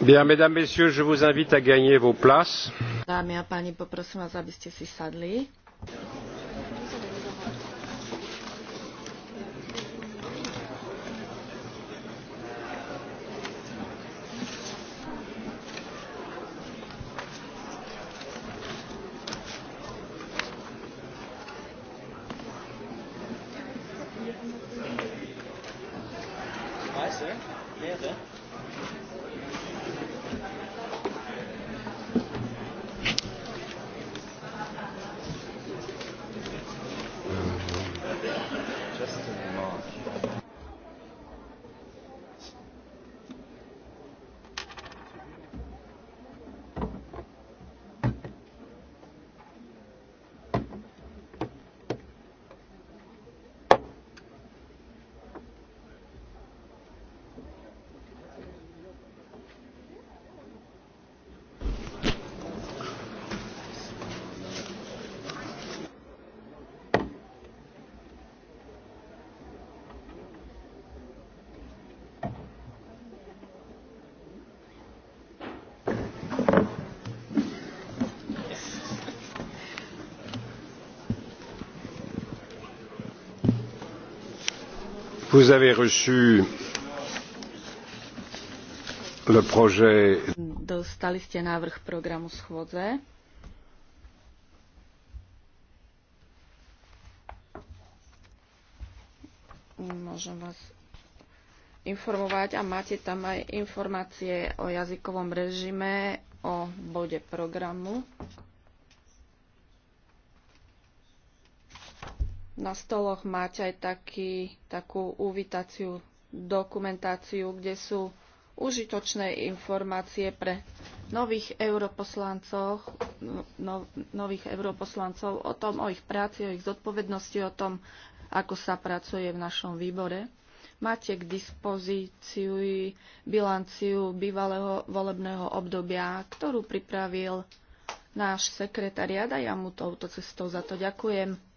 Bien, mesdames, messieurs, je vous invite à gagner vos places. Dámy a páni, poprosím vás, aby ste si sadli. Vous avez reçu le projet... Dostali ste návrh programu schôdze. Môžem vás informovať a máte tam aj informácie o jazykovom režime, o bode programu. na stoloch máte aj taký, takú uvítaciu dokumentáciu, kde sú užitočné informácie pre nových europoslancov, no, nových europoslancov o tom, o ich práci, o ich zodpovednosti, o tom, ako sa pracuje v našom výbore. Máte k dispozícii bilanciu bývalého volebného obdobia, ktorú pripravil náš sekretariat a ja mu touto cestou za to ďakujem.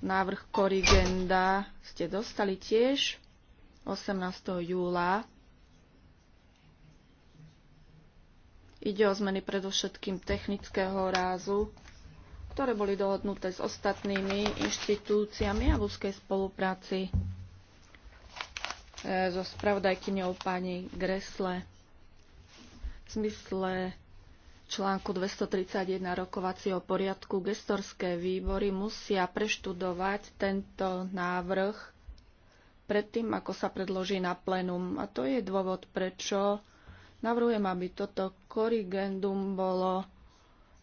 Návrh korigenda ste dostali tiež 18. júla. Ide o zmeny predovšetkým technického rázu, ktoré boli dohodnuté s ostatnými inštitúciami a v úzkej spolupráci e, so spravodajkyňou pani Gresle. V zmysle článku 231 rokovacieho poriadku gestorské výbory musia preštudovať tento návrh predtým, ako sa predloží na plenum. A to je dôvod, prečo navrhujem, aby toto korigendum bolo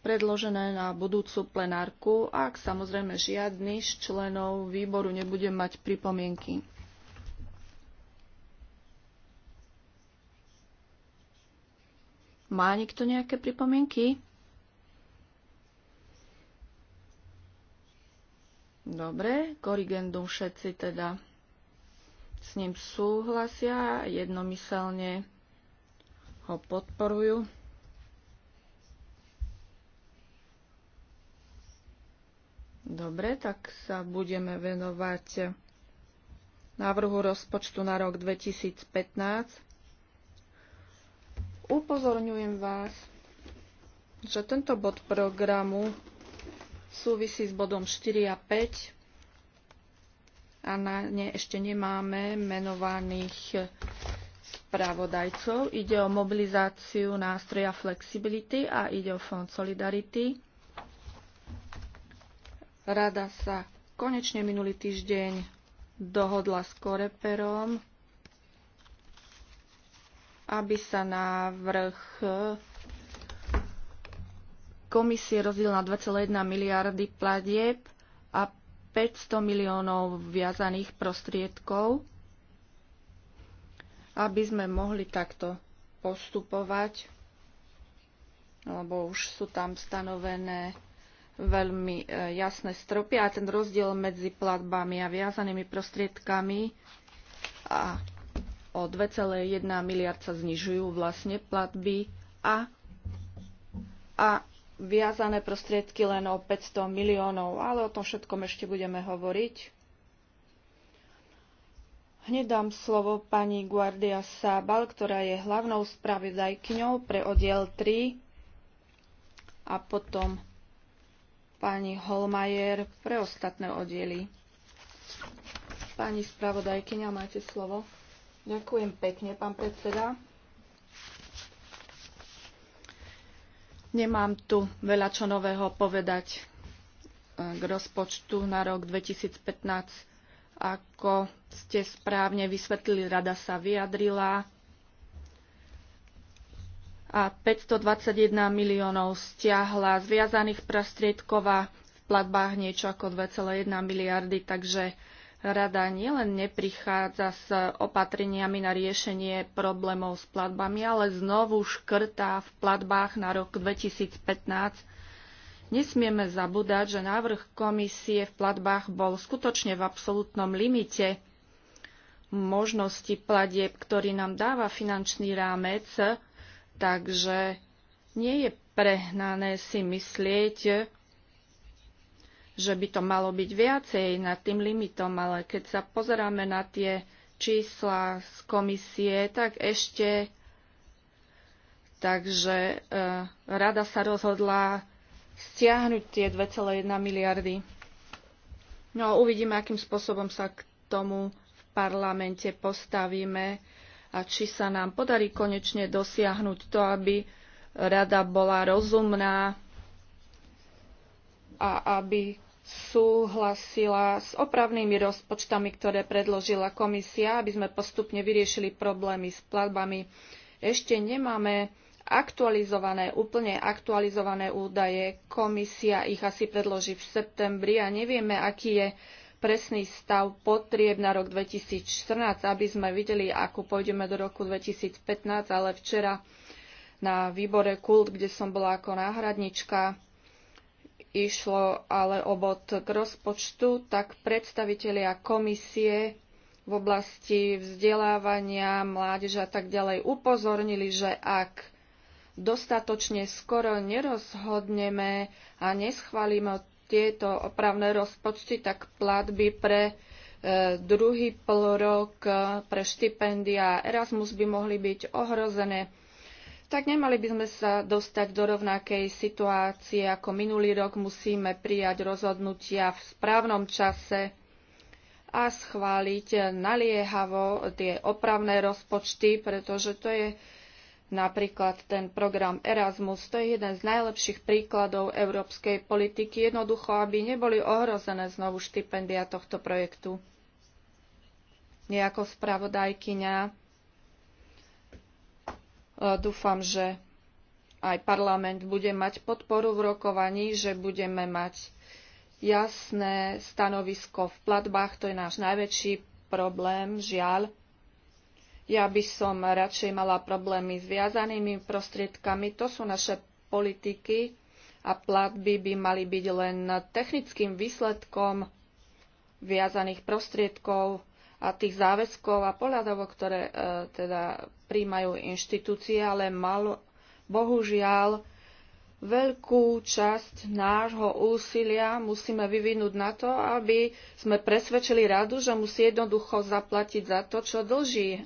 predložené na budúcu plenárku, ak samozrejme žiadny z členov výboru nebude mať pripomienky. Má niekto nejaké pripomienky? Dobre, korigendum všetci teda s ním súhlasia, jednomyselne ho podporujú. Dobre, tak sa budeme venovať návrhu rozpočtu na rok 2015. Upozorňujem vás, že tento bod programu súvisí s bodom 4 a 5 a na ne ešte nemáme menovaných spravodajcov. Ide o mobilizáciu nástroja flexibility a ide o fond solidarity. Rada sa konečne minulý týždeň dohodla s Koreperom aby sa návrh komisie rozdiel na 2,1 miliardy platieb a 500 miliónov viazaných prostriedkov, aby sme mohli takto postupovať, lebo už sú tam stanovené veľmi e, jasné stropy a ten rozdiel medzi platbami a viazanými prostriedkami a o 2,1 miliard sa znižujú vlastne platby a, a viazané prostriedky len o 500 miliónov, ale o tom všetkom ešte budeme hovoriť. Hneď dám slovo pani Guardia Sábal, ktorá je hlavnou spravodajkňou pre oddiel 3 a potom pani Holmajer pre ostatné oddiely. Pani spravodajkyňa, máte slovo. Ďakujem pekne, pán predseda. Nemám tu veľa čo nového povedať eh, k rozpočtu na rok 2015. Ako ste správne vysvetlili, rada sa vyjadrila a 521 miliónov stiahla z viazaných prostriedkov a v platbách niečo ako 2,1 miliardy, takže Rada nielen neprichádza s opatreniami na riešenie problémov s platbami, ale znovu škrtá v platbách na rok 2015. Nesmieme zabúdať, že návrh komisie v platbách bol skutočne v absolútnom limite možnosti platieb, ktorý nám dáva finančný rámec, takže nie je prehnané si myslieť, že by to malo byť viacej nad tým limitom, ale keď sa pozeráme na tie čísla z komisie, tak ešte. Takže e, rada sa rozhodla stiahnuť tie 2,1 miliardy. No uvidíme, akým spôsobom sa k tomu v parlamente postavíme a či sa nám podarí konečne dosiahnuť to, aby rada bola rozumná a aby súhlasila s opravnými rozpočtami, ktoré predložila komisia, aby sme postupne vyriešili problémy s platbami. Ešte nemáme aktualizované, úplne aktualizované údaje. Komisia ich asi predloží v septembri a nevieme, aký je presný stav potrieb na rok 2014, aby sme videli, ako pôjdeme do roku 2015, ale včera na výbore KULT, kde som bola ako náhradnička, išlo ale o bod k rozpočtu, tak predstavitelia komisie v oblasti vzdelávania, mládež a tak ďalej upozornili, že ak dostatočne skoro nerozhodneme a neschválime tieto opravné rozpočty, tak platby pre e, druhý rok e, pre štipendia Erasmus by mohli byť ohrozené tak nemali by sme sa dostať do rovnakej situácie ako minulý rok. Musíme prijať rozhodnutia v správnom čase a schváliť naliehavo tie opravné rozpočty, pretože to je napríklad ten program Erasmus. To je jeden z najlepších príkladov európskej politiky, jednoducho, aby neboli ohrozené znovu štipendia tohto projektu. Nejako spravodajkyňa E, dúfam, že aj parlament bude mať podporu v rokovaní, že budeme mať jasné stanovisko v platbách. To je náš najväčší problém, žiaľ. Ja by som radšej mala problémy s viazanými prostriedkami. To sú naše politiky a platby by mali byť len technickým výsledkom viazaných prostriedkov a tých záväzkov a poľadovok, ktoré e, teda príjmajú inštitúcie, ale mal, bohužiaľ veľkú časť nášho úsilia musíme vyvinúť na to, aby sme presvedčili radu, že musí jednoducho zaplatiť za to, čo dlží.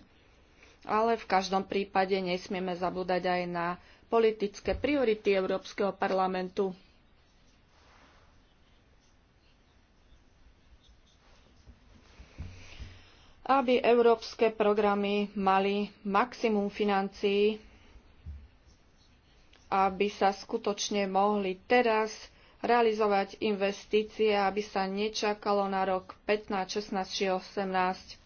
Ale v každom prípade nesmieme zabúdať aj na politické priority Európskeho parlamentu. aby európske programy mali maximum financií, aby sa skutočne mohli teraz realizovať investície, aby sa nečakalo na rok 15, 16 či 18.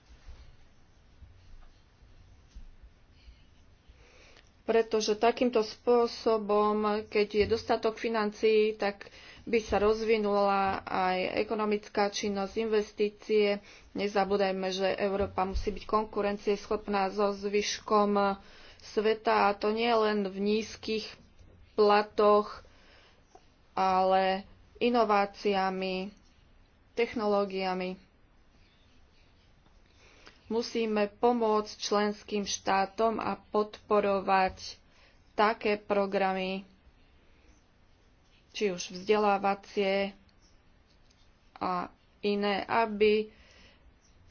Pretože takýmto spôsobom, keď je dostatok financií, tak by sa rozvinula aj ekonomická činnosť, investície. Nezabúdajme, že Európa musí byť konkurencieschopná so zvyškom sveta a to nie len v nízkych platoch, ale inováciami, technológiami. Musíme pomôcť členským štátom a podporovať také programy, či už vzdelávacie a iné, aby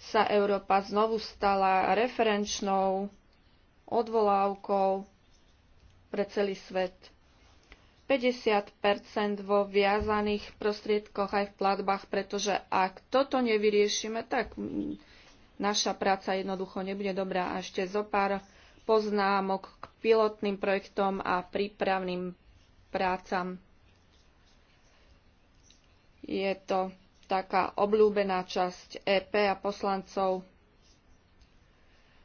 sa Európa znovu stala referenčnou odvolávkou pre celý svet. 50 vo viazaných prostriedkoch aj v platbách, pretože ak toto nevyriešime, tak naša práca jednoducho nebude dobrá. A ešte zo pár poznámok k pilotným projektom a prípravným prácam. Je to taká obľúbená časť EP a poslancov.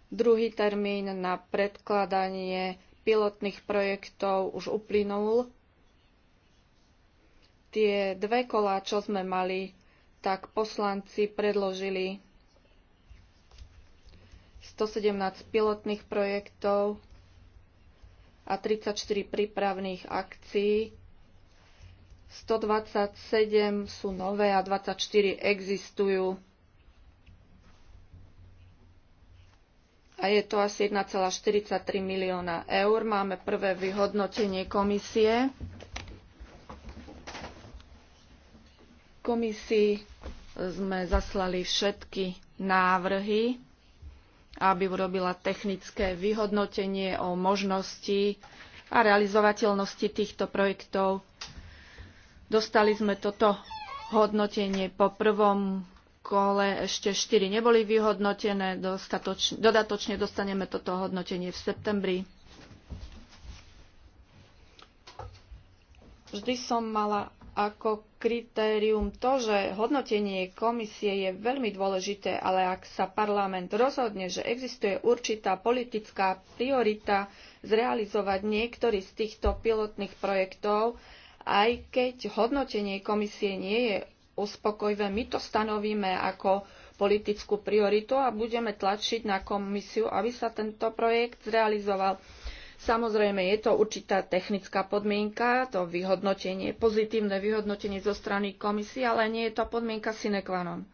Druhý termín na predkladanie pilotných projektov už uplynul. Tie dve kolá, čo sme mali, tak poslanci predložili 117 pilotných projektov a 34 prípravných akcií 127 sú nové a 24 existujú. A je to asi 1,43 milióna eur. Máme prvé vyhodnotenie komisie. Komisii sme zaslali všetky návrhy, aby urobila technické vyhodnotenie o možnosti a realizovateľnosti týchto projektov Dostali sme toto hodnotenie po prvom kole, ešte štyri neboli vyhodnotené, dostatočne, dodatočne dostaneme toto hodnotenie v septembri. Vždy som mala ako kritérium to, že hodnotenie komisie je veľmi dôležité, ale ak sa parlament rozhodne, že existuje určitá politická priorita zrealizovať niektorý z týchto pilotných projektov, aj keď hodnotenie komisie nie je uspokojivé, my to stanovíme ako politickú prioritu a budeme tlačiť na komisiu, aby sa tento projekt zrealizoval. Samozrejme, je to určitá technická podmienka, to vyhodnotenie, pozitívne vyhodnotenie zo strany komisie, ale nie je to podmienka sine qua non.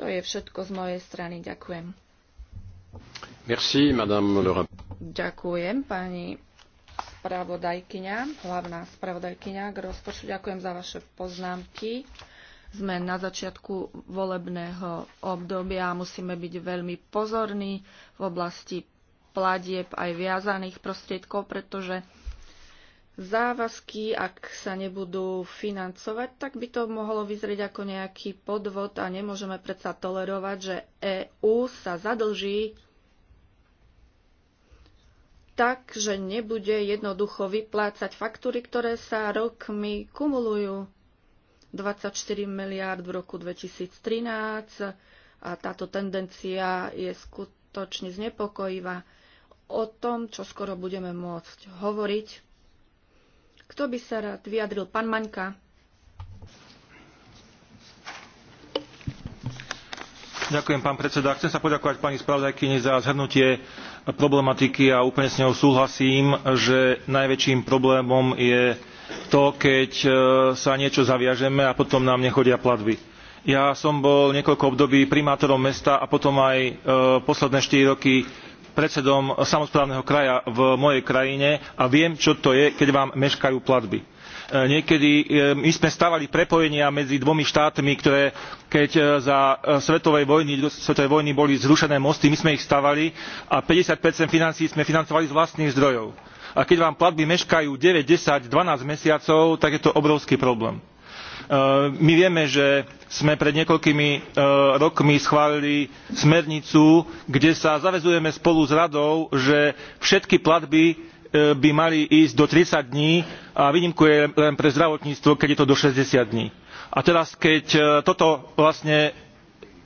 To je všetko z mojej strany. Ďakujem. Merci, madame le... Ďakujem, pani spravodajkyňa, hlavná spravodajkyňa k rozpočtu. Ďakujem za vaše poznámky. Sme na začiatku volebného obdobia a musíme byť veľmi pozorní v oblasti pladieb aj viazaných prostriedkov, pretože závazky, ak sa nebudú financovať, tak by to mohlo vyzrieť ako nejaký podvod a nemôžeme predsa tolerovať, že EÚ sa zadlží tak, že nebude jednoducho vyplácať faktúry, ktoré sa rokmi kumulujú. 24 miliárd v roku 2013 a táto tendencia je skutočne znepokojivá. O tom, čo skoro budeme môcť hovoriť. Kto by sa rád vyjadril? Pán Maňka. Ďakujem, pán predseda. Chcem sa poďakovať pani spravodajkyni za zhrnutie problematiky a úplne s ňou súhlasím, že najväčším problémom je to, keď e, sa niečo zaviažeme a potom nám nechodia platby. Ja som bol niekoľko období primátorom mesta a potom aj e, posledné 4 roky predsedom samozprávneho kraja v mojej krajine a viem, čo to je, keď vám meškajú platby E, niekedy e, my sme stavali prepojenia medzi dvomi štátmi, ktoré keď e, za svetovej vojny, svetovej vojny boli zrušené mosty, my sme ich stavali a 50 financií sme financovali z vlastných zdrojov. A keď vám platby meškajú 9, 10, 12 mesiacov, tak je to obrovský problém my vieme že sme pred niekoľkými rokmi schválili smernicu kde sa zavezujeme spolu s radou že všetky platby E, by mali ísť do 30 dní a výnimku je len pre zdravotníctvo, keď je to do 60 dní. A teraz, keď e, toto vlastne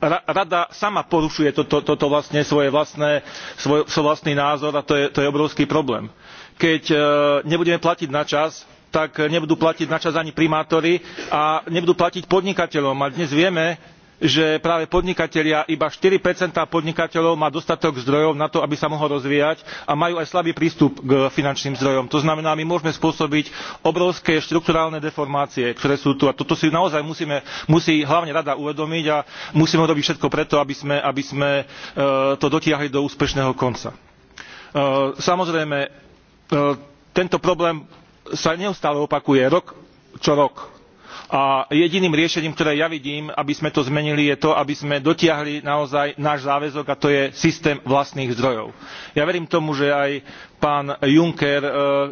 rada sama porušuje toto, toto vlastne svoje vlastné, svoj, svoj vlastný názor a to je, to je obrovský problém. Keď e, nebudeme platiť na čas, tak nebudú platiť na čas ani primátori a nebudú platiť podnikateľom. A dnes vieme, že práve podnikatelia iba four podnikateľov má dostatok zdrojov na to aby sa mohol rozvíjať a majú aj slabý prístup k finančným zdrojom. to znamená my môžeme spôsobiť obrovské štrukturálne deformácie ktoré sú tu a toto si naozaj musíme, musí hlavne rada uvedomiť a musíme robiť všetko preto aby sme, aby sme e, to dotiahli do úspešného konca. E, samozrejme e, tento problém sa neustále opakuje rok čo rok a jediným riešením ktoré ja vidím aby sme to zmenili je to aby sme dotiahli naozaj náš záväzok a to je systém vlastných zdrojov. ja verím tomu že aj pán juncker e,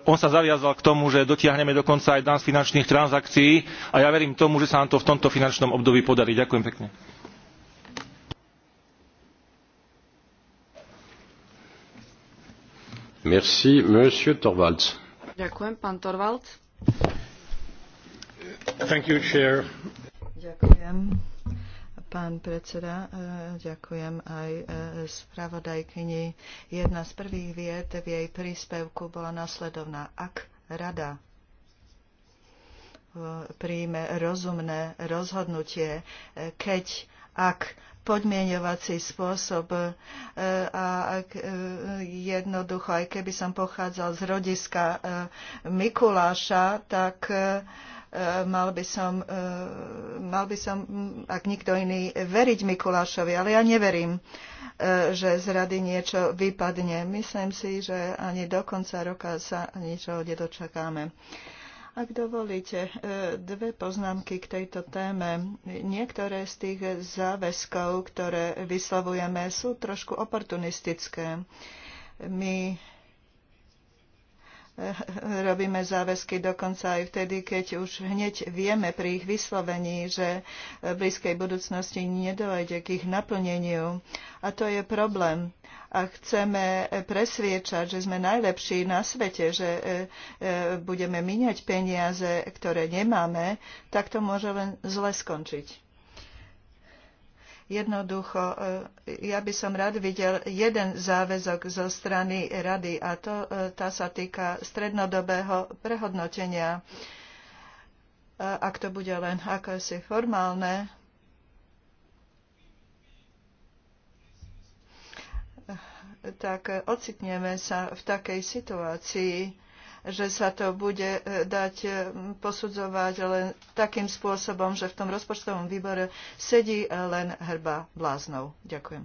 on sa zaviazal k tomu že dotiahneme dokonca aj daň z finančných transakcií a ja verím tomu že sa nám to v tomto finančnom období podarí. ďakujem pekne. Merci, Ďakujem, pán Torvalds. You, ďakujem, pán predseda. E, ďakujem aj e, spravodajkyni. Jedna z prvých viet v jej príspevku bola nasledovná. Ak rada e, príjme rozumné rozhodnutie, keď ak podmienovací spôsob a jednoducho, aj keby som pochádzal z rodiska Mikuláša, tak Eh, mal by som, eh, mal by som mm, ak nikto iný, veriť Mikulášovi, ale ja neverím, eh, že z rady niečo vypadne. Myslím si, že ani do konca roka sa niečo nedočakáme. Ak dovolíte, dve poznámky k tejto téme. Niektoré z tých záväzkov, ktoré vyslovujeme, sú trošku oportunistické. My robíme záväzky dokonca aj vtedy, keď už hneď vieme pri ich vyslovení, že v blízkej budúcnosti nedojde k ich naplneniu. A to je problém. A chceme presviečať, že sme najlepší na svete, že e, e, budeme míňať peniaze, ktoré nemáme, tak to môže len zle skončiť. Jednoducho, e, ja by som rád videl jeden záväzok zo strany rady a to, e, tá sa týka strednodobého prehodnotenia. E, ak to bude len akési formálne, tak ocitneme sa v takej situácii, že sa to bude e, dať e, posudzovať len takým spôsobom, že v tom rozpočtovom výbore sedí len hrba bláznov. Ďakujem.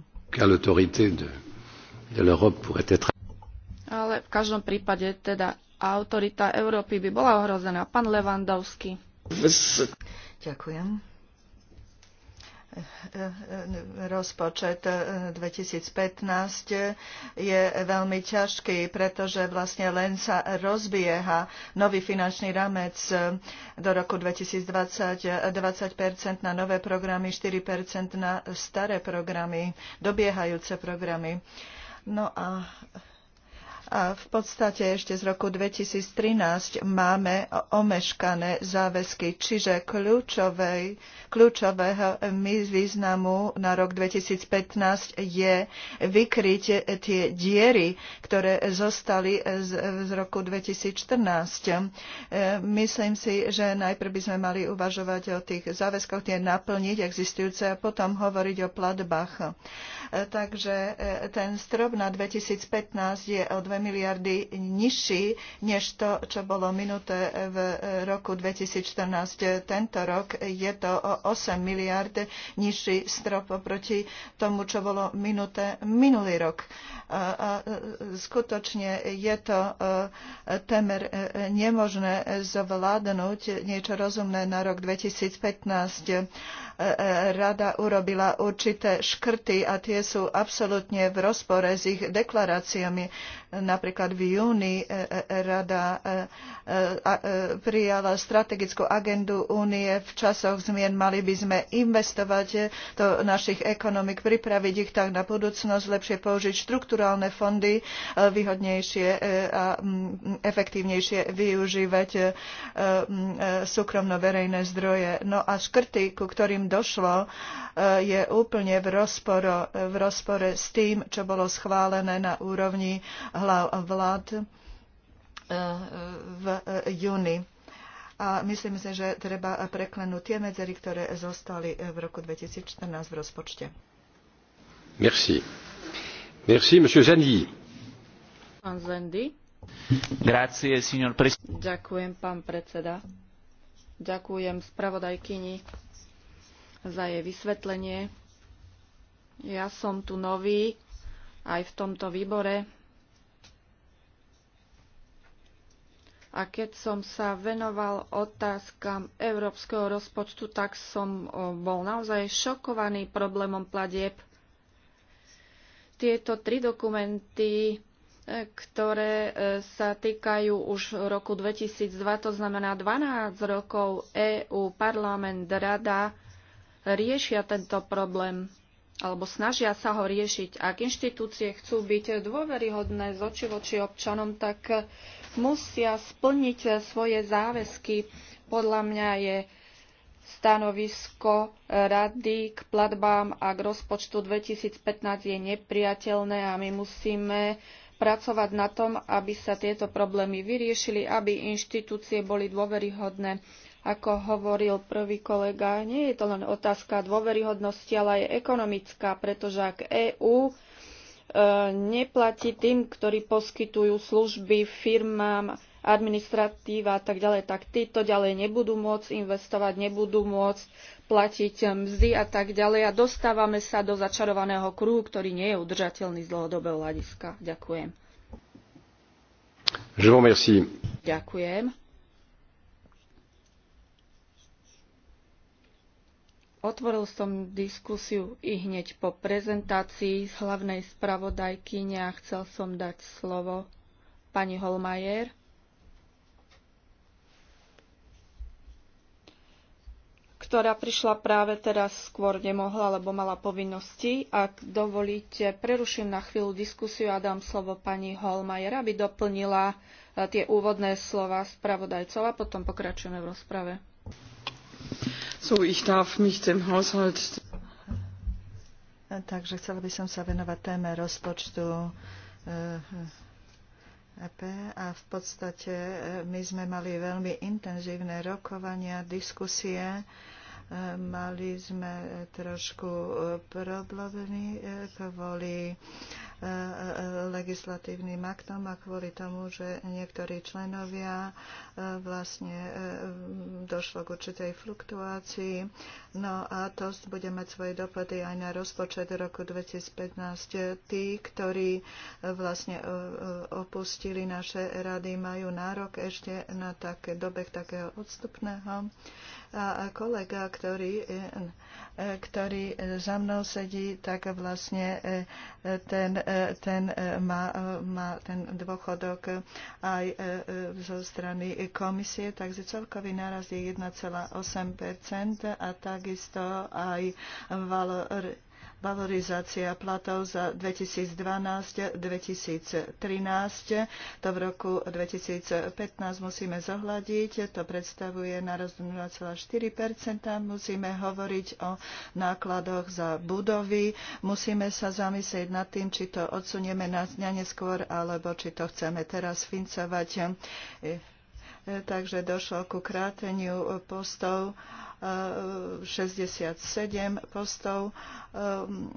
Ale v každom prípade teda autorita Európy by bola ohrozená. Pán Levandovský. Ďakujem rozpočet 2015 e, je veľmi ťažký, pretože vlastne len sa rozbieha nový finančný ramec e, do roku 2020, 20 e, na nové programy, 4 na staré programy, dobiehajúce programy. No a a v podstate ešte z roku 2013 máme omeškané záväzky, čiže kľúčovej, kľúčového významu na rok 2015 je vykryť tie diery, ktoré zostali z, z roku 2014. E, myslím si, že najprv by sme mali uvažovať o tých záväzkoch, tie naplniť existujúce a potom hovoriť o platbách. E, takže e, ten strop na 2015 je o 2 miliardy nižší, než to, čo bolo minuté v roku 2014. Tento rok je to o 8 miliard nižší strop oproti tomu, čo bolo minuté minulý rok. A skutočne je to temer e, nemožné zvládnuť niečo rozumné na rok 2015 e, e, rada urobila určité škrty a tie sú absolútne v rozpore s ich deklaráciami. Napríklad v júni e, e, e, rada prijala strategickú agendu únie v časoch zmien. Mali by sme investovať do našich ekonomik, pripraviť ich tak na budúcnosť, lepšie použiť štrukturálne fondy, výhodnejšie a efektívnejšie využívať súkromno-verejné zdroje. No a škrty, ku ktorým došlo, je úplne v, v rozpore s tým, čo bolo schválené na úrovni hlavy vlád e, e, v e, júni. A myslím si, že treba preklenúť tie medzery, ktoré zostali v roku 2014 v rozpočte. Merci. Merci, monsieur Zendy. Pán Zendy. Grazie, signor presidente. Ďakujem, pán predseda. Ďakujem spravodajkyni za jej vysvetlenie. Ja som tu nový aj v tomto výbore A keď som sa venoval otázkam európskeho rozpočtu, tak som bol naozaj šokovaný problémom platieb. Tieto tri dokumenty, e, ktoré e, sa týkajú už roku 2002, to znamená 12 rokov EU, parlament, rada, riešia tento problém alebo snažia sa ho riešiť. Ak inštitúcie chcú byť dôveryhodné z oči voči občanom, tak musia splniť svoje záväzky. Podľa mňa je stanovisko rady k platbám a k rozpočtu 2015 je nepriateľné a my musíme pracovať na tom, aby sa tieto problémy vyriešili, aby inštitúcie boli dôveryhodné. Ako hovoril prvý kolega, nie je to len otázka dôveryhodnosti, ale aj ekonomická, pretože ak EÚ e, neplatí tým, ktorí poskytujú služby firmám, administratíva a tak ďalej, tak títo ďalej nebudú môcť investovať, nebudú môcť platiť mzdy a tak ďalej a dostávame sa do začarovaného kruhu, ktorý nie je udržateľný z dlhodobého hľadiska. Ďakujem. Ďakujem. Otvoril som diskusiu i hneď po prezentácii z hlavnej spravodajkyne a chcel som dať slovo pani Holmajer. ktorá prišla práve teraz, skôr nemohla, lebo mala povinnosti. Ak dovolíte, preruším na chvíľu diskusiu a dám slovo pani Holmajer, aby doplnila e, tie úvodné slova spravodajcov a potom pokračujeme v rozprave. Takže chcela by som sa venovať téme rozpočtu EP eh, eh, e a v podstate eh, my sme mali veľmi intenzívne rokovania, diskusie mali sme trošku problémy kvôli legislatívnym aktom a kvôli tomu, že niektorí členovia e, vlastne e, došlo k určitej fluktuácii. No a to bude mať svoje dopady aj na rozpočet roku 2015. Tí, ktorí e, vlastne opustili naše rady, majú nárok ešte na také dobeh takého odstupného. A kolega, ktorý, e, e, ktorý za mnou sedí, tak vlastne e, ten, ten má, má ten dôchodok aj zo strany komisie, takže celkový náraz je 1,8% a takisto aj valor valorizácia platov za 2012-2013. To v roku 2015 musíme zohľadiť. To predstavuje narast 0,4 Musíme hovoriť o nákladoch za budovy. Musíme sa zamyslieť nad tým, či to odsunieme na neskôr, alebo či to chceme teraz fincovať takže došlo ku kráteniu postov 67 postov ehm,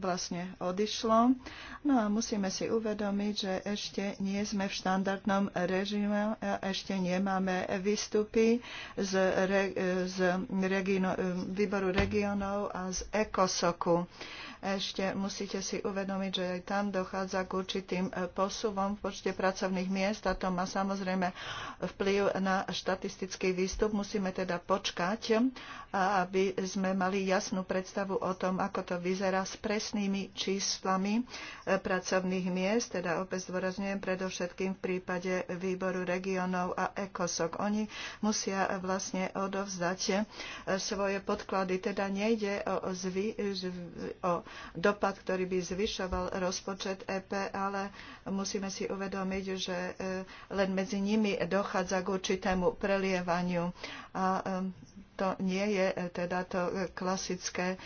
vlastne odišlo. No a musíme si uvedomiť, že ešte nie sme v štandardnom režime, ešte nemáme výstupy z, re, z regino, výboru regionov a z ECOSOKu. Ešte musíte si uvedomiť, že aj tam dochádza k určitým e, posuvom v počte pracovných miest a to má samozrejme vplyv na štatistický výstup. Musíme teda počkať, e, aby sme mali jasnú predstavu o tom, ako to vyzerá s presnými číslami e, pracovných miest, teda opäť zdôrazňujem predovšetkým v prípade výboru regionov a ECOSOC. Oni musia vlastne odovzdať svoje podklady. Teda nejde o, zvy, o dopad, ktorý by zvyšoval rozpočet EP, ale musíme si uvedomiť, že e, len medzi nimi dochádza k určitému prelievaniu. A e, to nie je e, teda to klasické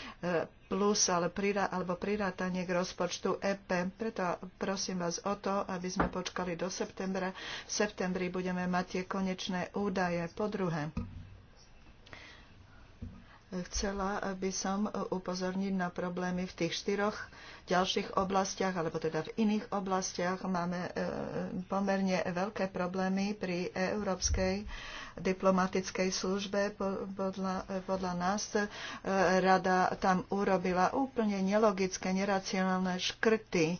plus alebo prirátanie k rozpočtu EP. Preto prosím vás o to, aby sme počkali do septembra. V septembri budeme mať tie konečné údaje. Po druhé, Chcela by som upozorniť na problémy v tých štyroch ďalších oblastiach, alebo teda v iných oblastiach. Máme e, pomerne veľké problémy pri Európskej diplomatickej službe. Podľa, podľa nás e, rada tam urobila úplne nelogické, neracionálne škrty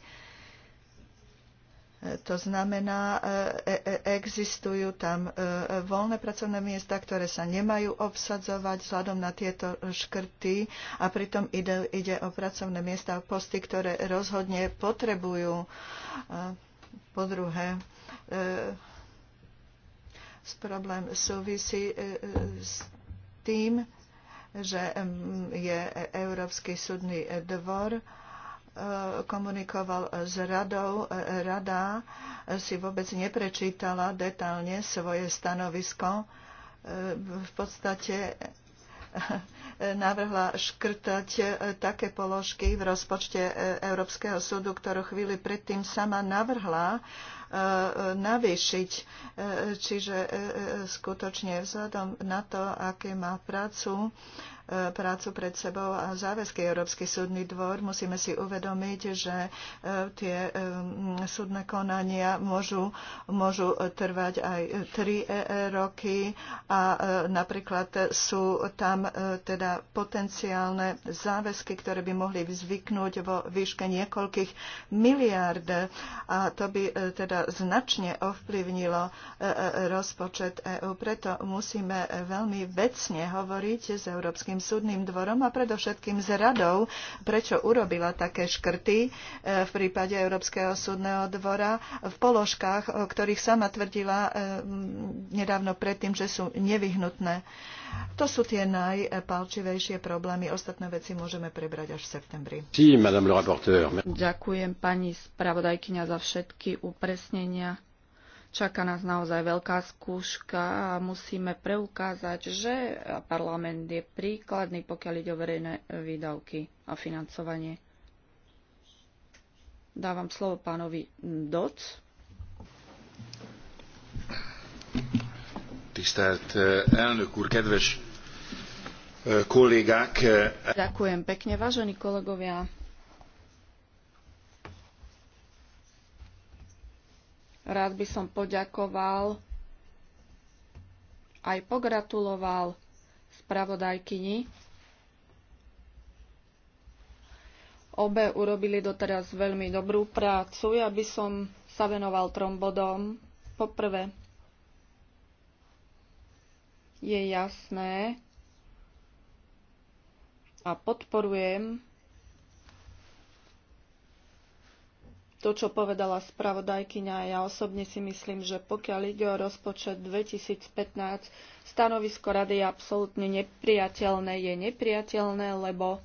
to znamená, e, e, existujú tam e, voľné pracovné miesta, ktoré sa nemajú obsadzovať vzhľadom na tieto škrty a pritom ide, ide o pracovné miesta a posty, ktoré rozhodne potrebujú. Po druhé, problém súvisí s tým, že mm, je Európsky súdny dvor, komunikoval s radou. Rada si vôbec neprečítala detálne svoje stanovisko. V podstate navrhla škrtať také položky v rozpočte Európskeho súdu, ktorú chvíli predtým sama navrhla e, navýšiť. E, čiže e, skutočne vzhľadom na to, aké má prácu E, prácu pred sebou a záväzky Európsky súdny dvor. Musíme si uvedomiť, že e, tie e, súdne konania môžu, môžu trvať aj 3 roky a napríklad sú tam teda potenciálne záväzky, ktoré by mohli vzvyknúť vo výške niekoľkých miliárd a to by teda značne ovplyvnilo rozpočet EÚ. Preto musíme veľmi vecne hovoriť s Európskym Európskym súdnym dvorom a predovšetkým s radou, prečo urobila také škrty e, v prípade Európskeho súdneho dvora v položkách, o ktorých sama tvrdila e, nedávno predtým, že sú nevyhnutné. To sú tie najpalčivejšie problémy. Ostatné veci môžeme prebrať až v septembri. Ďakujem pani spravodajkyňa za všetky upresnenia. Čaká nás naozaj veľká skúška a musíme preukázať, že parlament je príkladný, pokiaľ ide o verejné výdavky a financovanie. Dávam slovo pánovi Doc. Tisztelt eh, elnök úr, kedves eh, kollégák! Eh, Ďakujem pekne, vážení kolegovia. Rád by som poďakoval aj pogratuloval spravodajkyni. Obe urobili doteraz veľmi dobrú prácu. Ja by som sa venoval trom bodom. Poprvé, je jasné a podporujem to, čo povedala spravodajkyňa, ja osobne si myslím, že pokiaľ ide o rozpočet 2015, stanovisko rady je absolútne nepriateľné. Je nepriateľné, lebo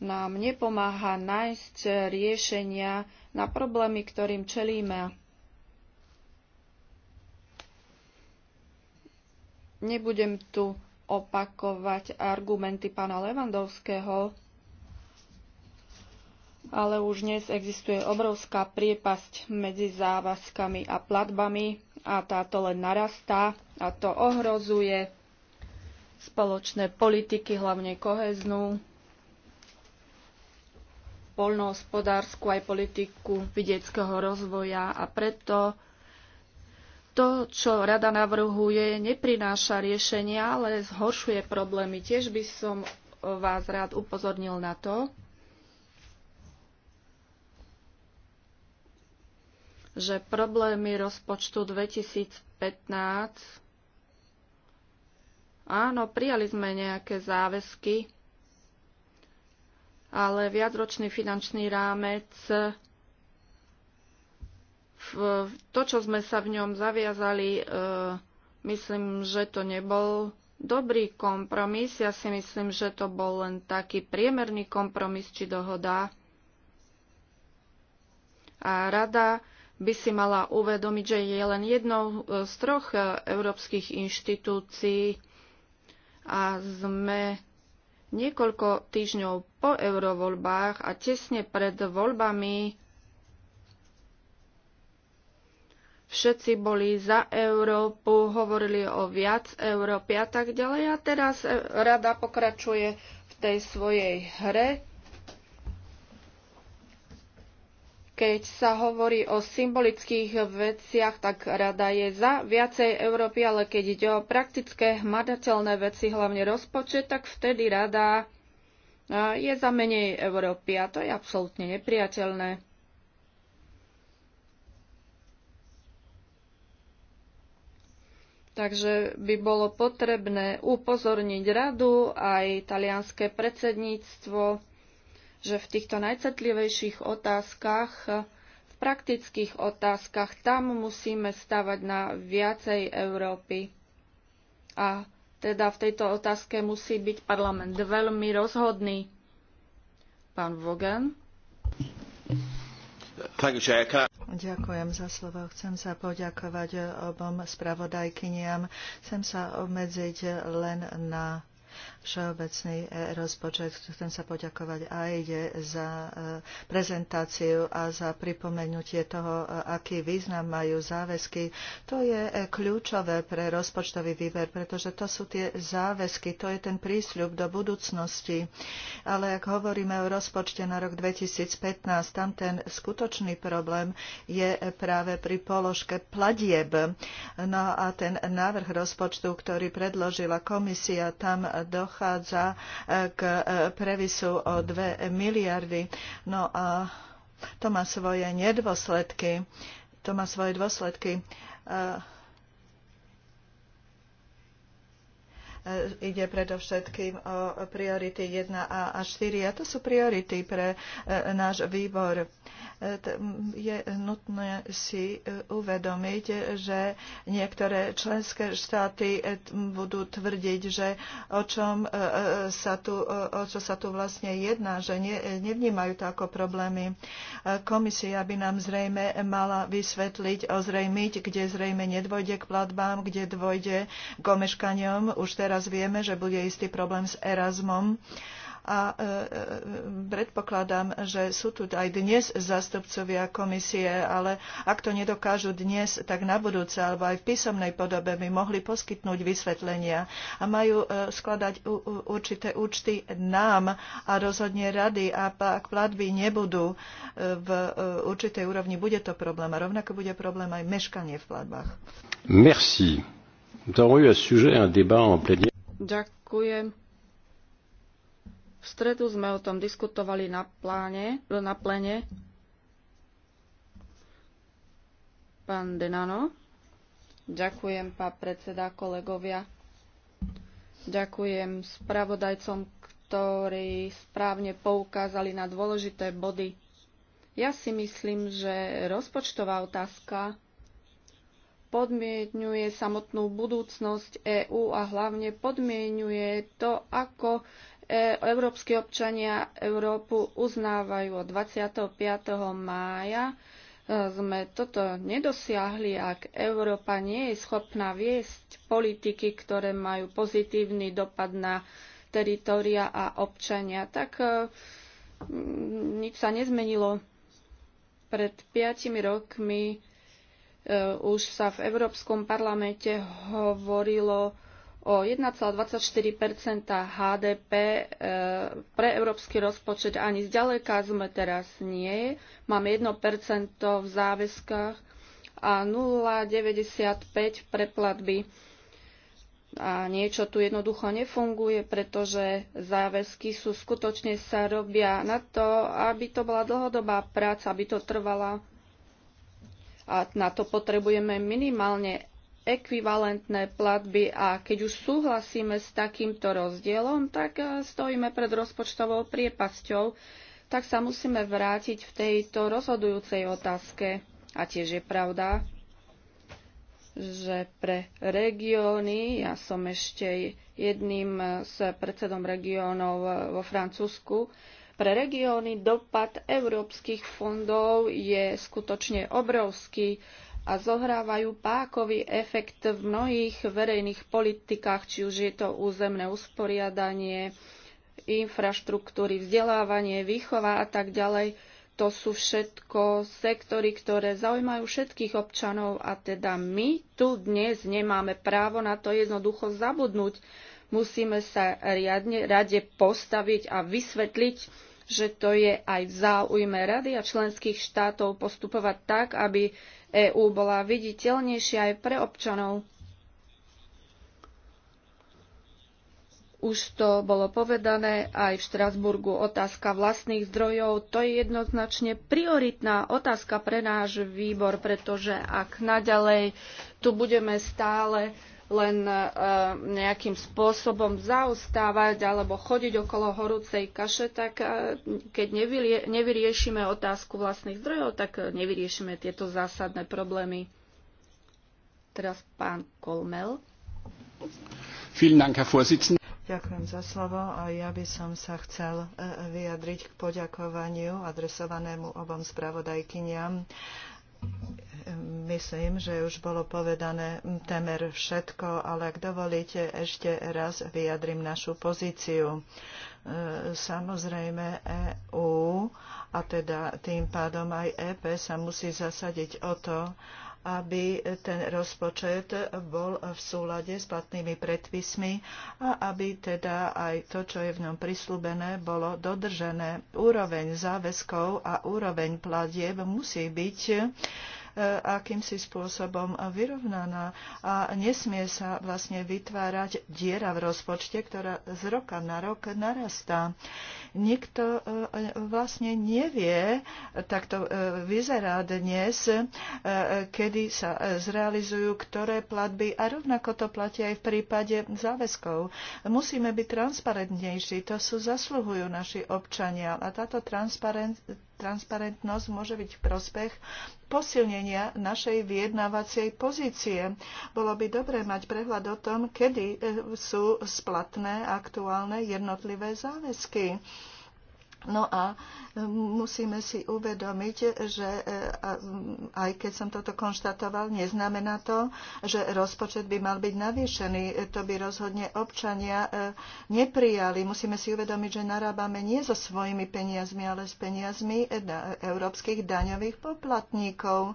nám nepomáha nájsť riešenia na problémy, ktorým čelíme. Nebudem tu opakovať argumenty pána Levandovského, ale už dnes existuje obrovská priepasť medzi závazkami a platbami a táto len narastá a to ohrozuje spoločné politiky, hlavne koheznú, poľnohospodárskú aj politiku vidieckého rozvoja a preto to, čo rada navrhuje, neprináša riešenia, ale zhoršuje problémy. Tiež by som vás rád upozornil na to, že problémy rozpočtu 2015 Áno, prijali sme nejaké záväzky, ale viacročný finančný rámec to, čo sme sa v ňom zaviazali, e, myslím, že to nebol dobrý kompromis. Ja si myslím, že to bol len taký priemerný kompromis či dohoda. A rada by si mala uvedomiť, že je len jednou e, z troch e, európskych inštitúcií a sme niekoľko týždňov po eurovoľbách a tesne pred voľbami všetci boli za Európu, hovorili o viac Európy a tak ďalej. A teraz e, rada pokračuje v tej svojej hre Keď sa hovorí o symbolických veciach, tak rada je za viacej Európy, ale keď ide o praktické, hmatateľné veci, hlavne rozpočet, tak vtedy rada je za menej Európy a to je absolútne nepriateľné. Takže by bolo potrebné upozorniť radu aj talianské predsedníctvo že v týchto najcetlivejších otázkach, v praktických otázkach, tam musíme stavať na viacej Európy. A teda v tejto otázke musí byť parlament veľmi rozhodný. Pán Vogen. Ďakujem za slovo. Chcem sa poďakovať obom spravodajkyniam. Chcem sa obmedziť len na všeobecný e, rozpočet. Chcem sa poďakovať aj za e, prezentáciu a za pripomenutie toho, e, aký význam majú záväzky. To je kľúčové pre rozpočtový výber, pretože to sú tie záväzky, to je ten prísľub do budúcnosti. Ale ak hovoríme o rozpočte na rok 2015, tam ten skutočný problém je práve pri položke platieb. No a ten návrh rozpočtu, ktorý predložila komisia, tam do dochádza e, k e, previsu o dve miliardy. No a to má svoje nedôsledky. To má svoje dôsledky. E, E, ide predovšetkým o priority 1a 4 a to sú priority pre e, náš výbor. E, je nutné si uvedomiť, že niektoré členské štáty budú tvrdiť, že o čom sa tu, o čo sa tu vlastne jedná, že ne, nevnímajú to ako problémy. Komisia by nám zrejme mala vysvetliť, ozrejmiť, kde zrejme nedvojde k platbám, kde dvojde k omeškaniom už teraz Teraz vieme, že bude istý problém s Erasmom a e, e, predpokladám, že sú tu aj dnes zastupcovia komisie, ale ak to nedokážu dnes, tak na budúce alebo aj v písomnej podobe by mohli poskytnúť vysvetlenia a majú e, skladať určité účty nám a rozhodne rady a ak platby nebudú v určitej úrovni, bude to problém a rovnako bude problém aj meškanie v platbách. Merci. Nous avons eu à ce sujet un débat en plénière. Ďakujem. V stredu sme o tom diskutovali na, pláne, na plene. Pán Denano. Ďakujem, pán predseda, kolegovia. Ďakujem spravodajcom, ktorí správne poukázali na dôležité body. Ja si myslím, že rozpočtová otázka podmienuje samotnú budúcnosť EÚ a hlavne podmienuje to, ako e európsky občania Európu uznávajú. 25. mája e, sme toto nedosiahli, ak Európa nie je schopná viesť politiky, ktoré majú pozitívny dopad na teritoria a občania, tak e, nič sa nezmenilo. Pred piatimi rokmi Eh, už sa v Európskom parlamente hovorilo o 1,24 HDP eh, pre európsky rozpočet. Ani zďaleka sme teraz nie. Máme 1 v záväzkách a 0,95 pre platby. A niečo tu jednoducho nefunguje, pretože záväzky sú skutočne sa robia na to, aby to bola dlhodobá práca, aby to trvala a na to potrebujeme minimálne ekvivalentné platby a keď už súhlasíme s takýmto rozdielom, tak eh, stojíme pred rozpočtovou priepasťou, tak sa musíme vrátiť v tejto rozhodujúcej otázke. A tiež je pravda, že pre regióny, ja som ešte jedným eh, s predsedom regiónov eh, vo Francúzsku, pre regióny dopad európskych fondov je skutočne obrovský a zohrávajú pákový efekt v mnohých verejných politikách, či už je to územné usporiadanie, infraštruktúry, vzdelávanie, výchova a tak ďalej. To sú všetko sektory, ktoré zaujímajú všetkých občanov a teda my tu dnes nemáme právo na to jednoducho zabudnúť Musíme sa riadne rade postaviť a vysvetliť, že to je aj v záujme rady a členských štátov postupovať tak, aby EÚ bola viditeľnejšia aj pre občanov. Už to bolo povedané aj v Štrasburgu. Otázka vlastných zdrojov, to je jednoznačne prioritná otázka pre náš výbor, pretože ak naďalej tu budeme stále len e, nejakým spôsobom zaostávať alebo chodiť okolo horúcej kaše, tak e, keď nevyriešime otázku vlastných zdrojov, tak e, nevyriešime tieto zásadné problémy. Teraz pán Kolmel. Ďakujem za slovo. a Ja by som sa chcel vyjadriť k poďakovaniu adresovanému obom spravodajkyniam Myslím, že už bolo povedané temer všetko, ale ak dovolíte, ešte raz vyjadrim našu pozíciu. E, samozrejme, EU a teda tým pádom aj EP sa musí zasadiť o to, aby ten rozpočet bol v súlade s platnými predpismi a aby teda aj to, čo je v ňom prislúbené, bolo dodržené. Úroveň záväzkov a úroveň platieb musí byť E, akýmsi spôsobom vyrovnaná a nesmie sa vlastne vytvárať diera v rozpočte, ktorá z roka na rok narastá. Nikto e, vlastne nevie, tak to e, vyzerá dnes, kedy sa zrealizujú ktoré platby a rovnako to platí aj v prípade záväzkov. Musíme byť transparentnejší, to sú zasluhujú naši občania a táto transparentnosť transparentnosť môže byť v prospech posilnenia našej vyjednávacej pozície. Bolo by dobré mať prehľad o tom, kedy e, sú splatné aktuálne jednotlivé záväzky. No a e, musíme si uvedomiť, že e, aj keď som toto konštatoval, neznamená to, že rozpočet by mal byť navýšený. E, to by rozhodne občania neprijali. Musíme si uvedomiť, že narábame nie so svojimi peniazmi, ale s peniazmi európskych daňových poplatníkov.